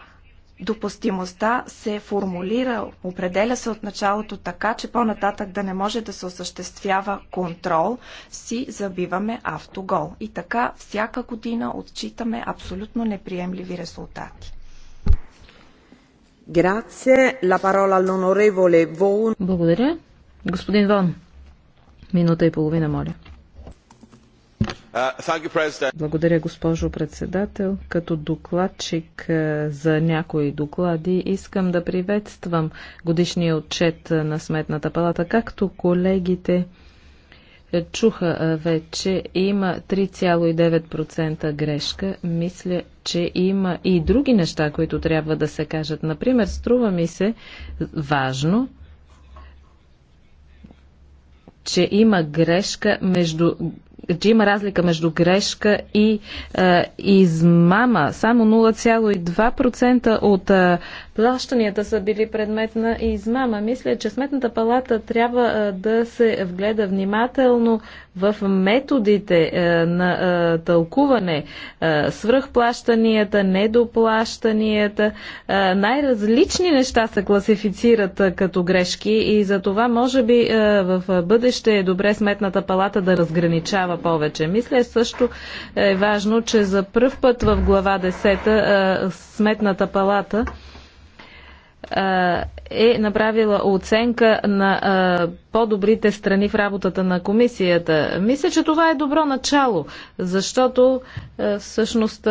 [SPEAKER 2] допустимостта се формулира, определя се от началото така, че по-нататък да не може да се осъществява контрол, си забиваме автогол. И така всяка година отчитаме абсолютно неприемливи
[SPEAKER 1] резултати. Благодаря.
[SPEAKER 4] Господин Вон, минута и половина, моля. Uh, Благодаря, госпожо председател. Като докладчик е, за някои доклади искам да приветствам годишния отчет на Сметната палата. Както колегите е, чуха е, вече, има 3,9% грешка. Мисля, че има и други неща, които трябва да се кажат. Например, струва ми се важно че има грешка между че има разлика между грешка и а, е, измама. Само 0,2% от а, е, плащанията са били предмет на измама. Мисля, че Сметната палата трябва да се вгледа внимателно в методите на тълкуване, свръхплащанията, недоплащанията. Най-различни неща се класифицират като грешки и за това може би в бъдеще е добре Сметната палата да разграничава повече. Мисля също е важно, че за първ път в глава 10 Сметната палата е направила оценка на по-добрите страни в работата на комисията. Мисля, че това е добро начало, защото всъщност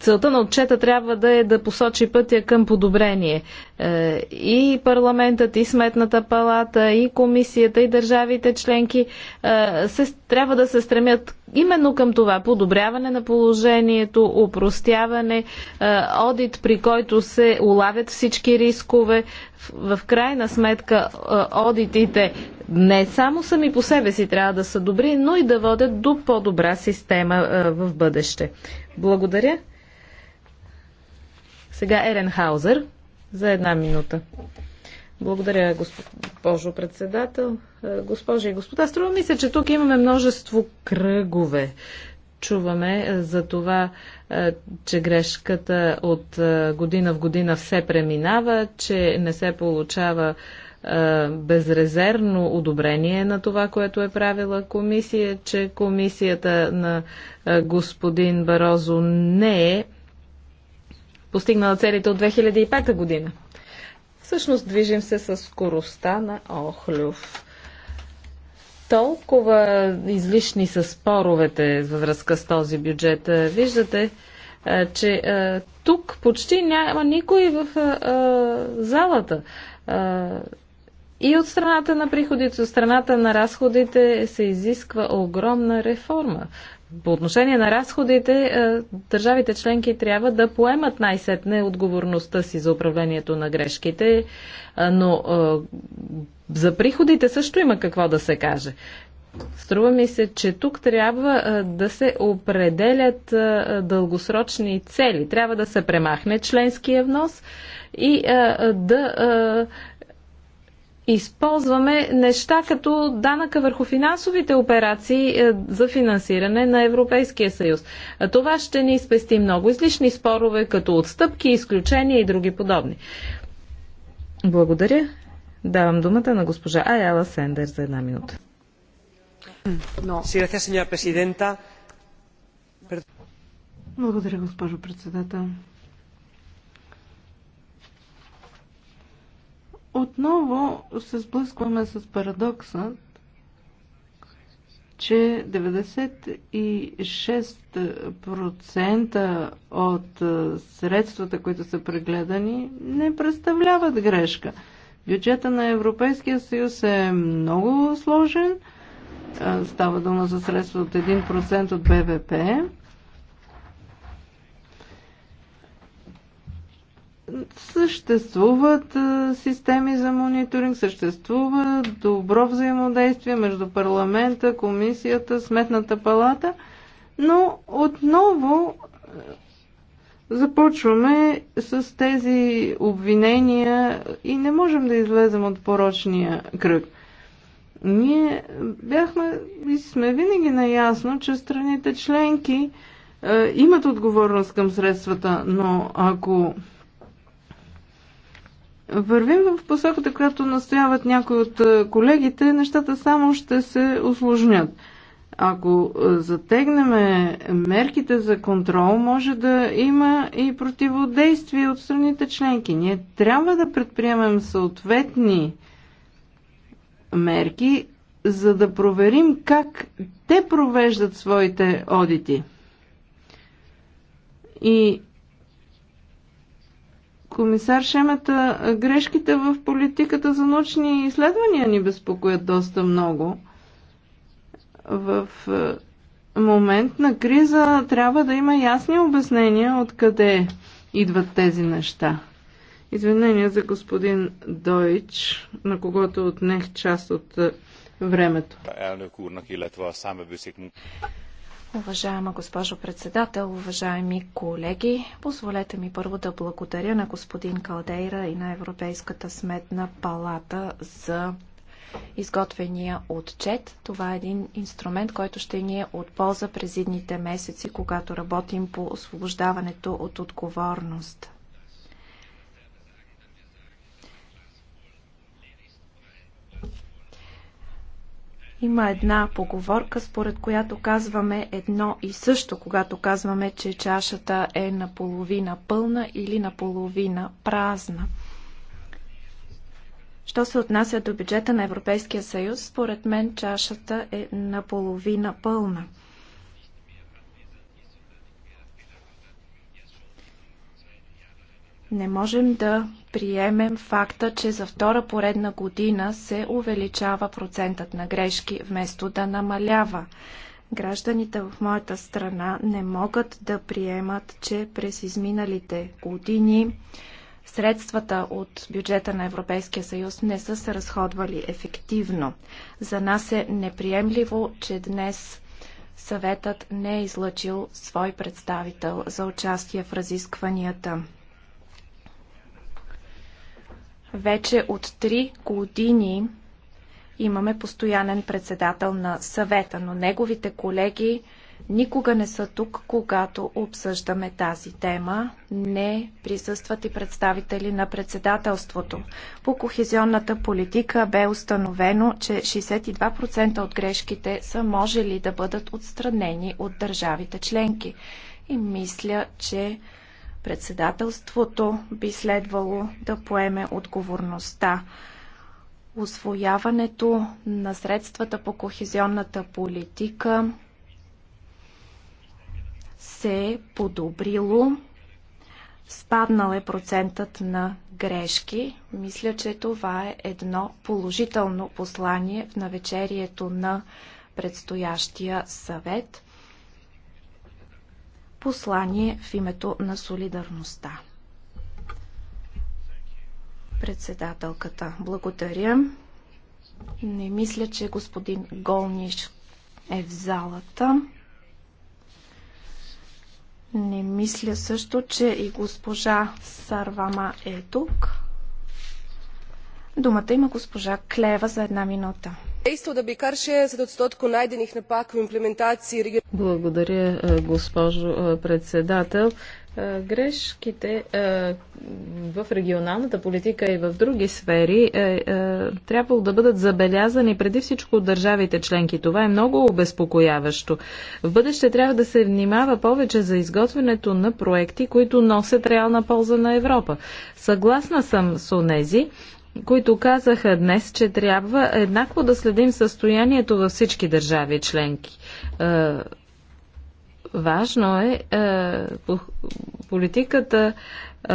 [SPEAKER 4] целта на отчета трябва да е да посочи пътя към подобрение. Е, и парламентът, и сметната палата, и комисията, и държавите членки е, се, трябва да се стремят именно към това подобряване на положението, упростяване, е, одит, при който се улавят всички рискове, в крайна сметка е, одитите не само сами по себе си трябва да са добри, но и да водят до по-добра система е, в бъдеще. Благодаря. Сега Ерен Хаузер за една минута. Благодаря, госпожо председател. Е, госпожи и господа, струва ми се, че тук имаме множество кръгове чуваме е, за това, е, че грешката от е, година в година все преминава, че не се получава безрезервно одобрение на това, което е правила комисия, че комисията на господин Барозо не е постигнала целите от 2005 година. Всъщност движим се с скоростта на Охлюв. Толкова излишни са споровете във връзка с този бюджет. Е, виждате, е, че е, тук почти няма никой в залата. И от страната на приходите, от страната на разходите се изисква огромна реформа. По отношение на разходите, е, държавите членки трябва да поемат най-сетне отговорността си за управлението на грешките, е, но е, за приходите също има какво да се каже. Струва ми се, че тук трябва да се определят дългосрочни цели. Трябва да се премахне членския внос и да използваме неща като данъка върху финансовите операции е, за финансиране на Европейския съюз. Това ще ни спести много излишни спорове, като отстъпки, изключения и други подобни. Благодаря. Давам думата на госпожа Аяла Сендер за една минута.
[SPEAKER 3] Благодаря, госпожо председател. отново се сблъскваме с парадокса, че 96% от средствата, които са прегледани, не представляват грешка. Бюджета на Европейския съюз е много сложен. Става дума за средства от 1% от БВП. Съществуват системи за мониторинг, съществува добро взаимодействие между парламента, комисията, сметната палата, но отново започваме с тези обвинения и не можем да излезем от порочния кръг. Ние бяхме и сме винаги наясно, че страните членки е, имат отговорност към средствата, но ако вървим в посоката, която настояват някои от е, колегите, нещата само ще се осложнят. Ако е, затегнеме мерките за контрол, може да има и противодействие от страните членки. Ние трябва да предприемем съответни мерки, за да проверим как те провеждат своите одити. И Комисар Шемета, грешките в политиката за научни изследвания ни безпокоят доста много. В е, момент на криза трябва да има ясни обяснения откъде идват тези неща. Извинение за господин Дойч, на когото отнех част от е, времето.
[SPEAKER 2] Уважаема госпожо председател, уважаеми колеги, позволете ми първо да благодаря на господин Калдейра и на Европейската сметна палата за изготвения отчет. Това е един инструмент, който ще ни е от полза през едните месеци, когато работим по освобождаването от отговорност. Има една поговорка, според която казваме едно и също, когато казваме, че чашата е наполовина пълна или наполовина празна. Що се отнася до бюджета на Европейския съюз, според мен чашата е наполовина пълна. Не можем да приемем факта, че за втора поредна година се увеличава процентът на грешки, вместо да намалява. Гражданите в моята страна не могат да приемат, че през изминалите години средствата от бюджета на Европейския съюз не са се разходвали ефективно. За нас е неприемливо, че днес съветът не е излъчил свой представител за участие в разискванията. Вече от три години имаме постоянен председател на съвета, но неговите колеги никога не са тук, когато обсъждаме тази тема. Не присъстват и представители на председателството. По кохезионната политика бе установено, че 62% от грешките са можели да бъдат отстранени от държавите членки. И мисля, че Председателството би следвало да поеме отговорността. Освояването на средствата по кохезионната политика се е подобрило. Спаднал е процентът на грешки. Мисля, че това е едно положително послание в навечерието на предстоящия съвет послание в името на солидарността. Председателката, благодаря. Не мисля, че господин Голниш е в залата. Не мисля също, че и госпожа Сарвама е тук. Думата има госпожа Клева за една минута. Действото да би кар 60% найдених напак в
[SPEAKER 4] имплементации... Благодаря, е, госпожо е, председател. Е, грешките в регионалната политика и в други сфери трябвало да бъдат забелязани преди всичко от държавите членки. Това е много обезпокояващо. В бъдеще трябва да се внимава повече за изготвянето на проекти, които носят реална полза на Европа. Съгласна съм с онези, които казаха днес, че трябва еднакво да следим състоянието във всички държави членки. Е, Важно е, е политиката е,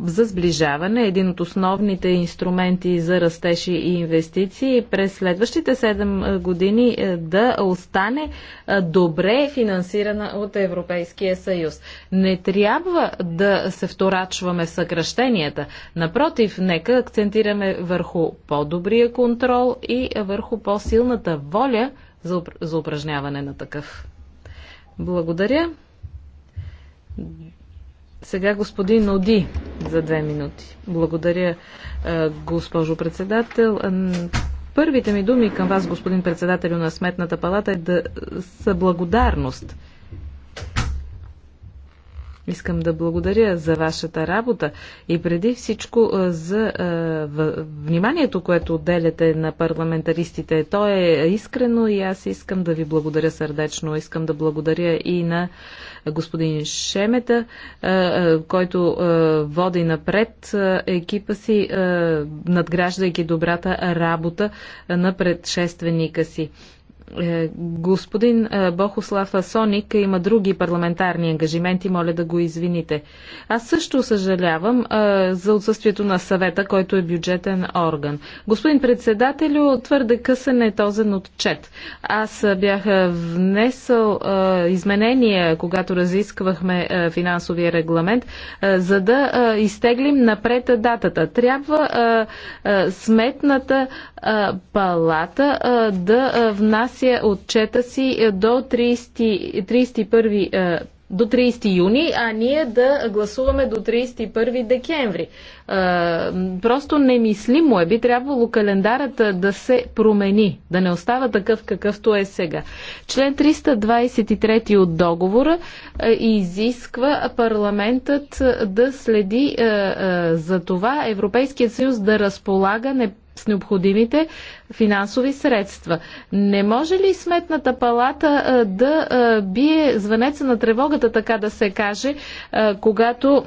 [SPEAKER 4] за сближаване, един от основните инструменти за растеж и инвестиции през следващите 7 е, години е, да остане е, добре финансирана от Европейския съюз. Не трябва да се вторачваме в съкръщенията. Напротив, нека акцентираме върху по-добрия контрол и върху по-силната воля за, упражняване на такъв. Благодаря. Сега господин Оди за две минути. Благодаря, е, госпожо председател. Е, първите ми думи към вас, господин председател на Сметната палата, е да са благодарност. Искам да благодаря за вашата работа и преди всичко за вниманието, което отделяте на парламентаристите. То е искрено и аз искам да ви благодаря сърдечно. Искам да благодаря и на господин Шемета, който води напред екипа си, надграждайки добрата работа на предшественика си. Е, господин е, Бохослав Соник има други парламентарни ангажименти, моля да го извините. Аз също съжалявам е, за отсъствието на съвета, който е бюджетен орган. Господин председателю, твърде късен е този отчет. Аз бях внесъл изменения, когато разисквахме финансовия регламент, за да изтеглим напред датата. Трябва сметната палата да внася внася отчета си е, до 30, 31 е, до 30 юни, а ние да гласуваме до 31 декември. Е, просто немислимо е. Би трябвало календарата да се промени, да не остава такъв какъвто е сега. Член 323 от договора изисква парламентът да следи за това Европейският съюз да разполага не с необходимите финансови средства. Не може ли сметната палата да бие звънеца на тревогата, така да се каже, когато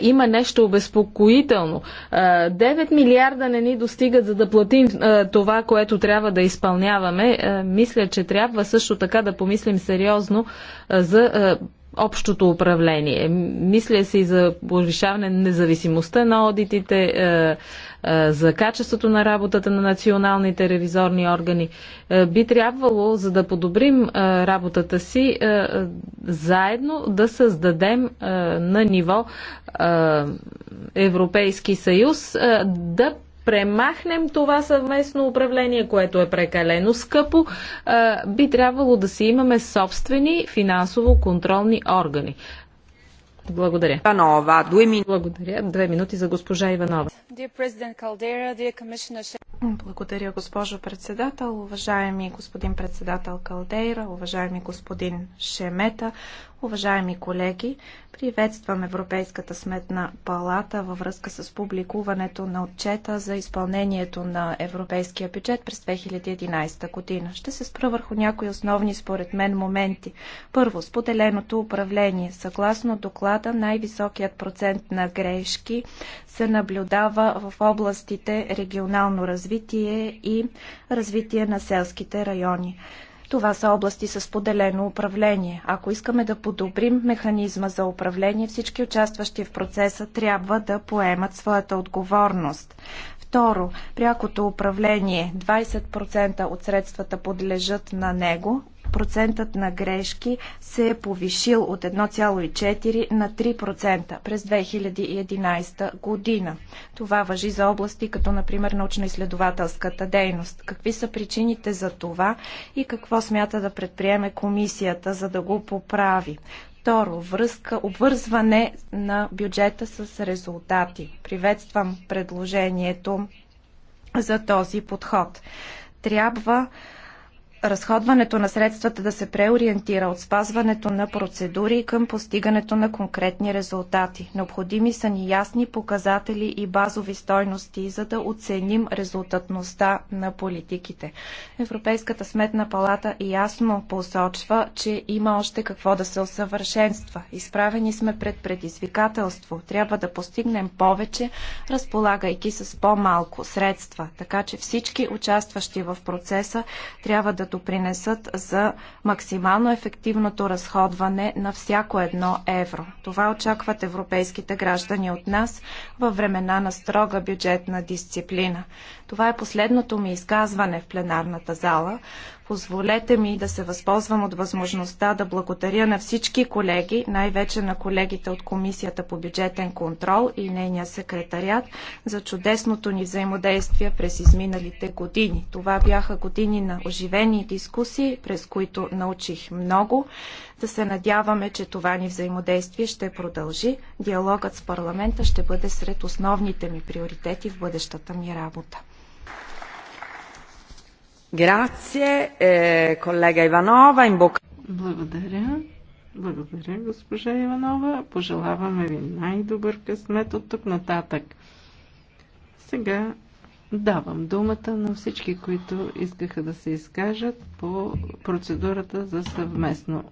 [SPEAKER 4] има нещо обезпокоително. 9 милиарда не ни достигат за да платим това, което трябва да изпълняваме. Мисля, че трябва също така да помислим сериозно за общото управление. Мисля си за повишаване на независимостта на одитите, е, е, за качеството на работата на националните ревизорни органи. Е, би трябвало, за да подобрим работата си, заедно да създадем на ниво Европейски съюз да премахнем това съвместно управление, което е прекалено скъпо, би трябвало да си имаме собствени финансово-контролни органи. Благодаря. Благодаря. Две минути за госпожа Иванова.
[SPEAKER 2] Благодаря, госпожо председател, уважаеми господин председател Калдейра, уважаеми господин Шемета, уважаеми колеги. Приветствам Европейската сметна палата във връзка с публикуването на отчета за изпълнението на европейския бюджет през 2011 година. Ще се спра върху някои основни, според мен, моменти. Първо, споделеното управление. Съгласно доклада, най-високият процент на грешки се наблюдава в областите регионално развитие развитие и развитие на селските райони. Това са области с поделено управление. Ако искаме да подобрим механизма за управление, всички участващи в процеса трябва да поемат своята отговорност. Второ, прякото управление 20% от средствата подлежат на него, процентът на грешки се е повишил от 1,4 на 3% през 2011 година. Това въжи за области като например научно-изследователската дейност. Какви са причините за това и какво смята да предприеме комисията, за да го поправи? Второ, връзка, обвързване на бюджета с резултати. Приветствам предложението за този подход. Трябва разходването на средствата да се преориентира от спазването на процедури към постигането на конкретни резултати. Необходими са ни ясни показатели и базови стойности, за да оценим резултатността на политиките. Европейската сметна палата ясно посочва, че има още какво да се усъвършенства. Изправени сме пред предизвикателство. Трябва да постигнем повече, разполагайки с по-малко средства, така че всички участващи в процеса трябва да допринесат за максимално ефективното разходване на всяко едно евро. Това очакват европейските граждани от нас във времена на строга бюджетна дисциплина. Това е последното ми изказване в пленарната зала. Позволете ми да се възползвам от възможността да благодаря на всички колеги, най-вече на колегите от Комисията по бюджетен контрол и нейния секретарят за чудесното ни взаимодействие през изминалите години. Това бяха години на оживени дискусии, през които научих много. Да се надяваме, че това ни взаимодействие ще продължи. Диалогът с парламента ще бъде сред основните ми приоритети в бъдещата ми
[SPEAKER 1] работа колега Иванова, им Благодаря. Благодаря, госпожа Иванова.
[SPEAKER 3] Пожелаваме ви най-добър късмет от тук нататък. Сега давам думата на всички, които искаха да се изкажат по процедурата за съвместно,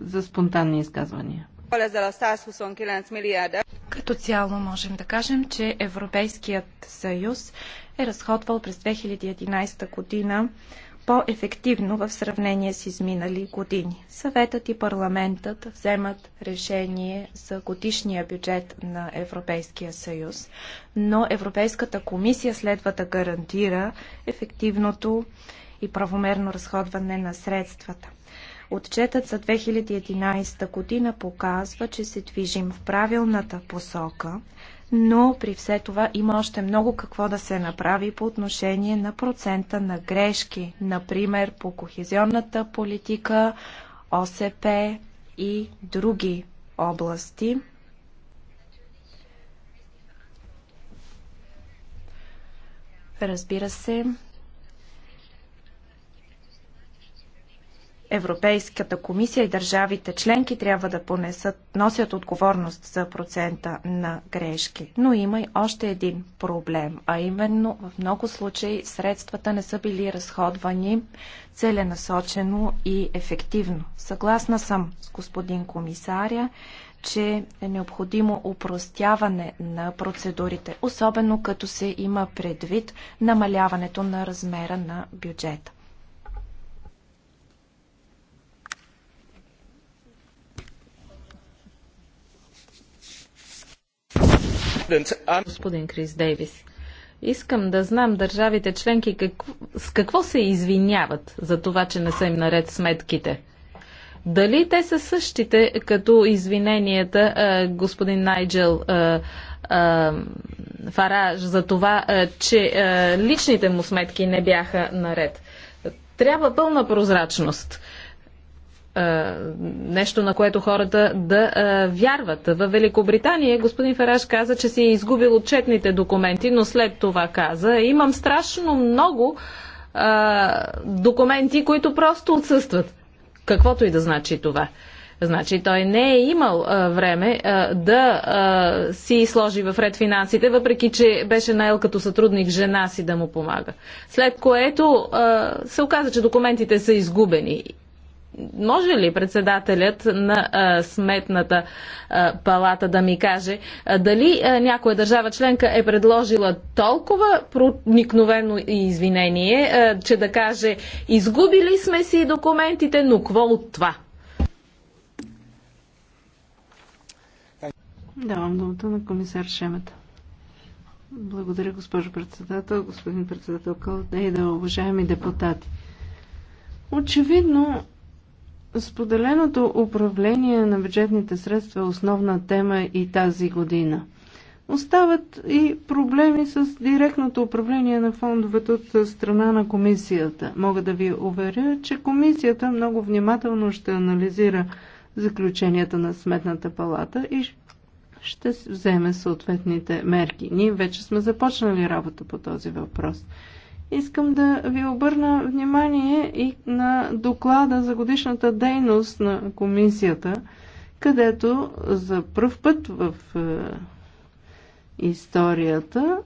[SPEAKER 3] за спонтанни изказвания.
[SPEAKER 1] Е
[SPEAKER 2] Като цяло можем да кажем, че Европейският съюз е разходвал през 2011 година по-ефективно в сравнение с изминали години. Съветът и парламентът вземат решение за годишния бюджет на Европейския съюз, но Европейската комисия следва да гарантира ефективното и правомерно разходване на средствата. Отчетът за 2011 година показва, че се движим в правилната посока, но при все това има още много какво да се направи по отношение на процента на грешки, например по кохезионната политика, ОСП и други области. Разбира се, Европейската комисия и държавите членки трябва да понесат, носят отговорност за процента на грешки. Но има и още един проблем, а именно в много случаи средствата не са били разходвани целенасочено и ефективно. Съгласна съм с господин комисаря, че е необходимо упростяване на процедурите, особено като се има предвид намаляването на размера на бюджета.
[SPEAKER 4] Господин Крис Дейвис, искам да знам държавите членки с какво се извиняват за това, че не са им наред сметките. Дали те са същите като извиненията, господин Найджел Фараж, за това, че личните му сметки не бяха наред? Трябва пълна прозрачност. Е, нещо, на което хората да е, вярват. В Великобритания господин Фараш каза, че си е изгубил отчетните документи, но след това каза, имам страшно много е, документи, които просто отсъстват. Каквото и да значи това. Значи той не е имал а, време а, да а, си сложи в ред финансите, въпреки че беше наел като сътрудник жена си да му помага. След което а, се оказа, че документите са изгубени може ли председателят на а, сметната а, палата да ми каже а, дали а, някоя държава членка е предложила толкова проникновено извинение, а, че да каже изгубили сме си документите, но какво от това?
[SPEAKER 3] Давам думата на комисар Шемета. Благодаря, госпожо председател, господин председател Калдейда, уважаеми депутати. Очевидно, Споделеното управление на бюджетните средства е основна тема и тази година. Остават и проблеми с директното управление на фондовете от страна на комисията. Мога да ви уверя, че комисията много внимателно ще анализира заключенията на Сметната палата и ще вземе съответните мерки. Ние вече сме започнали работа по този въпрос. Искам да ви обърна внимание и на доклада за годишната дейност на комисията, където за пръв път в е, историята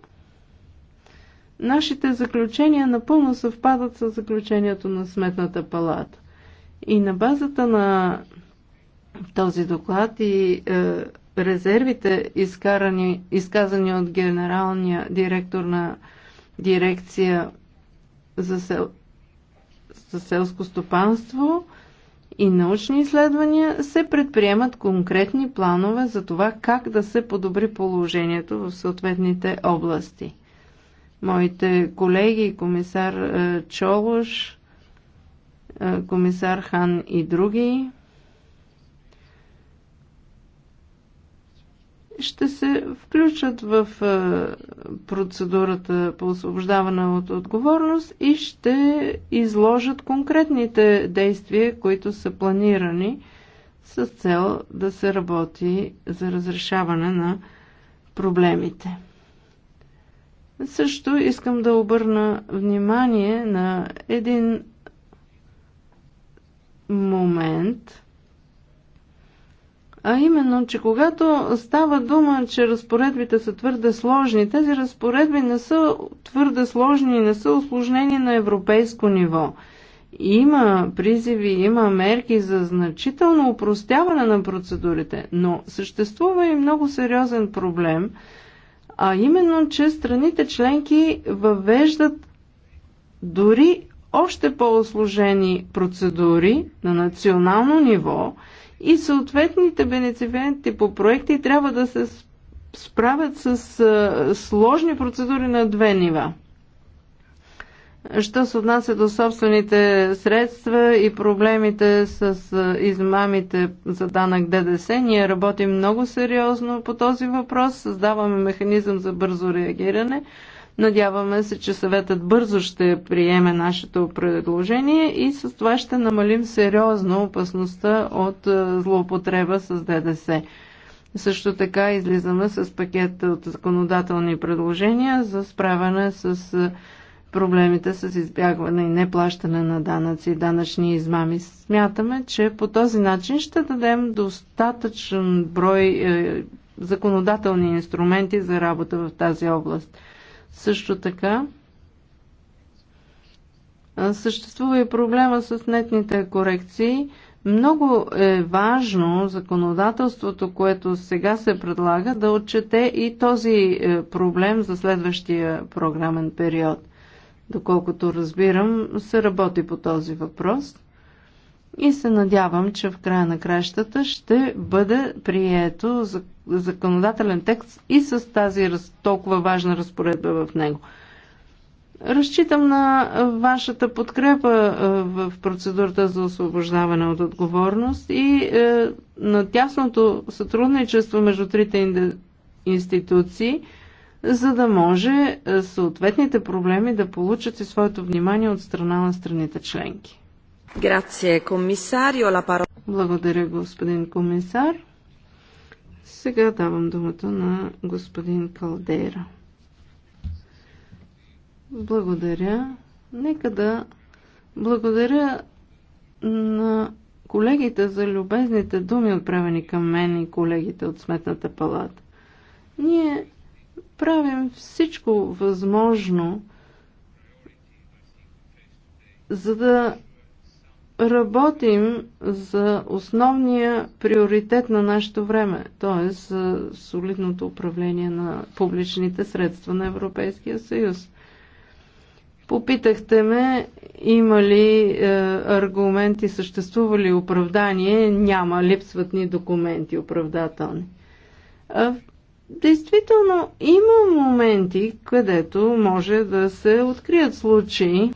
[SPEAKER 3] нашите заключения напълно съвпадат с заключението на Сметната палата. И на базата на този доклад и е, резервите, изкарани, изказани от генералния директор на дирекция за, сел... за селско стопанство и научни изследвания се предприемат конкретни планове за това как да се подобри положението в съответните области. Моите колеги, комисар е, Чолош, е, комисар Хан и други ще се включат в е, процедурата по освобождаване от отговорност и ще изложат конкретните действия, които са планирани с цел да се работи за разрешаване на проблемите. Също искам да обърна внимание на един момент – а именно, че когато става дума, че разпоредбите са твърде сложни, тези разпоредби не са твърде сложни и не са осложнени на европейско ниво. Има призиви, има мерки за значително упростяване на процедурите, но съществува и много сериозен проблем, а именно, че страните членки въвеждат дори още по-осложени процедури на национално ниво и съответните бенеципиенти по проекти трябва да се справят с сложни процедури на две нива. Що се отнася до собствените средства и проблемите с измамите за данък ДДС, ние работим много сериозно по този въпрос, създаваме механизъм за бързо реагиране. Надяваме се, че съветът бързо ще приеме нашето предложение и с това ще намалим сериозно опасността от е, злоупотреба с ДДС. Също така излизаме с пакет от законодателни предложения за справяне с е, проблемите с избягване и неплащане на данъци и данъчни измами. Смятаме, че по този начин ще дадем достатъчен брой е, законодателни инструменти за работа в тази област. Също така съществува и проблема с нетните корекции. Много е важно законодателството, което сега се предлага, да отчете и този е, проблем за следващия програмен период. Доколкото разбирам, се работи по този въпрос и се надявам, че в края на кращата ще бъде прието законодателен текст и с тази толкова важна разпоредба в него. Разчитам на вашата подкрепа е, в процедурата за освобождаване от отговорност и е, на тясното сътрудничество между трите институции, за да може е, съответните проблеми да получат и своето внимание от страна на страните членки. Благодаря, господин комисар. Сега давам думата на господин Калдейра. Благодаря. Нека да благодаря на колегите за любезните думи, отправени към мен и колегите от Сметната палата. Ние правим всичко възможно, за да работим за основния приоритет на нашето време, т.е. за солидното управление на публичните средства на Европейския съюз. Попитахте ме, има ли е, аргументи, съществува ли оправдание, няма, липсват ни документи оправдателни. А, действително, има моменти, където може да се открият случаи,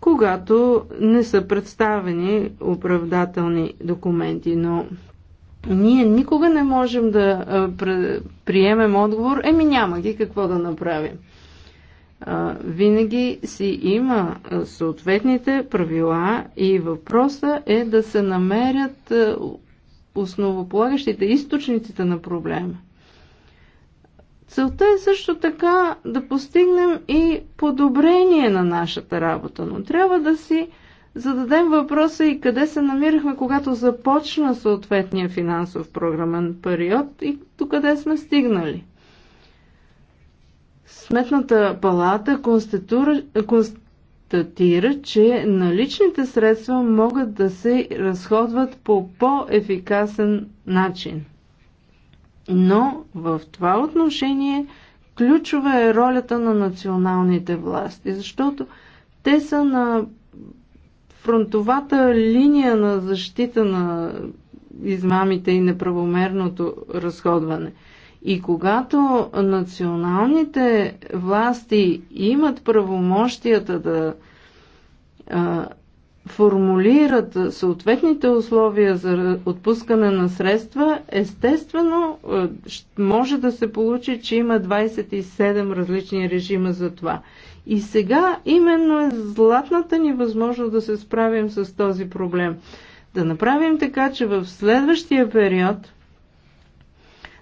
[SPEAKER 3] когато не са представени оправдателни документи. Но ние никога не можем да приемем отговор, еми няма ги какво да направим. Винаги си има съответните правила и въпроса е да се намерят основополагащите източниците на проблема. Целта е също така да постигнем и подобрение на нашата работа, но трябва да си зададем въпроса и къде се намирахме, когато започна съответния финансов програмен период и до къде сме стигнали. Сметната палата констатира, че наличните средства могат да се разходват по по-ефикасен начин – но в това отношение ключова е ролята на националните власти, защото те са на фронтовата линия на защита на измамите и неправомерното разходване. И когато националните власти имат правомощията да а, формулират съответните условия за отпускане на средства, естествено е, може да се получи, че има 27 различни режима за това. И сега именно е златната ни възможност да се справим с този проблем. Да направим така, че в следващия период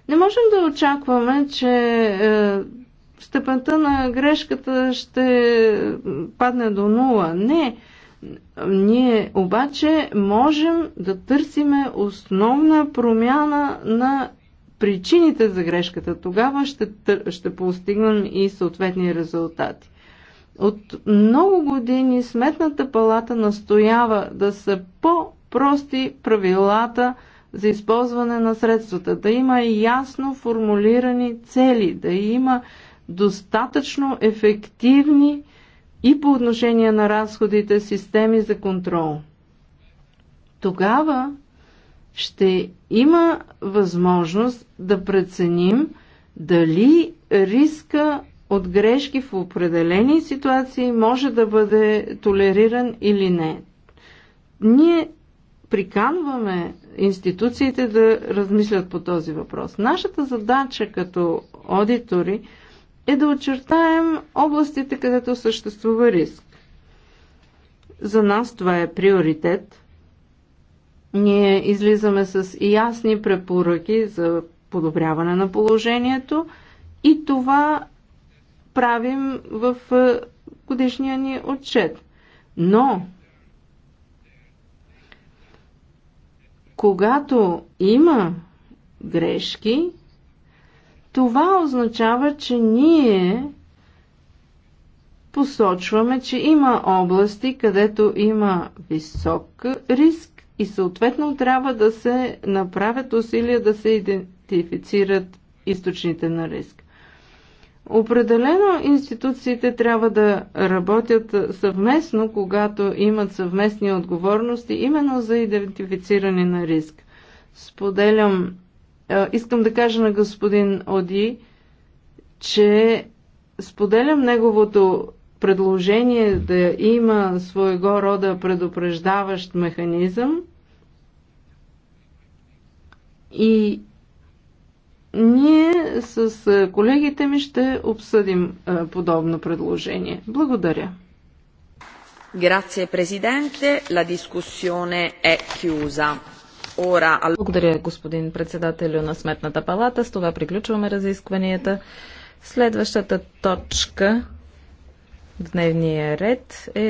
[SPEAKER 3] не можем да очакваме, че е, степента на грешката ще падне до нула. Не, ние обаче можем да търсиме основна промяна на причините за грешката. Тогава ще, ще постигнем и съответни резултати. От много години Сметната палата настоява да са по-прости правилата за използване на средствата, да има ясно формулирани цели, да има достатъчно ефективни и по отношение на разходите системи за контрол. Тогава ще има възможност да преценим дали риска от грешки в определени ситуации може да бъде толериран или не. Ние приканваме институциите да размислят по този въпрос. Нашата задача като аудитори е да очертаем областите, където съществува риск. За нас това е приоритет. Ние излизаме с ясни препоръки за подобряване на положението и това правим в е, годишния ни отчет. Но, когато има грешки, това означава, че ние посочваме, че има области, където има висок риск и съответно трябва да се направят усилия да се идентифицират източните на риск. Определено институциите трябва да работят съвместно, когато имат съвместни отговорности, именно за идентифициране на риск. Споделям е, искам да кажа на господин Оди, че споделям неговото предложение да има своего рода предупреждаващ механизъм и ние с е, колегите ми ще обсъдим е, подобно предложение.
[SPEAKER 4] Благодаря.
[SPEAKER 1] Grazie Presidente, la discussione è chiusa. Благодаря,
[SPEAKER 4] господин председателю на Сметната палата. С това приключваме разискванията. Следващата точка в дневния ред е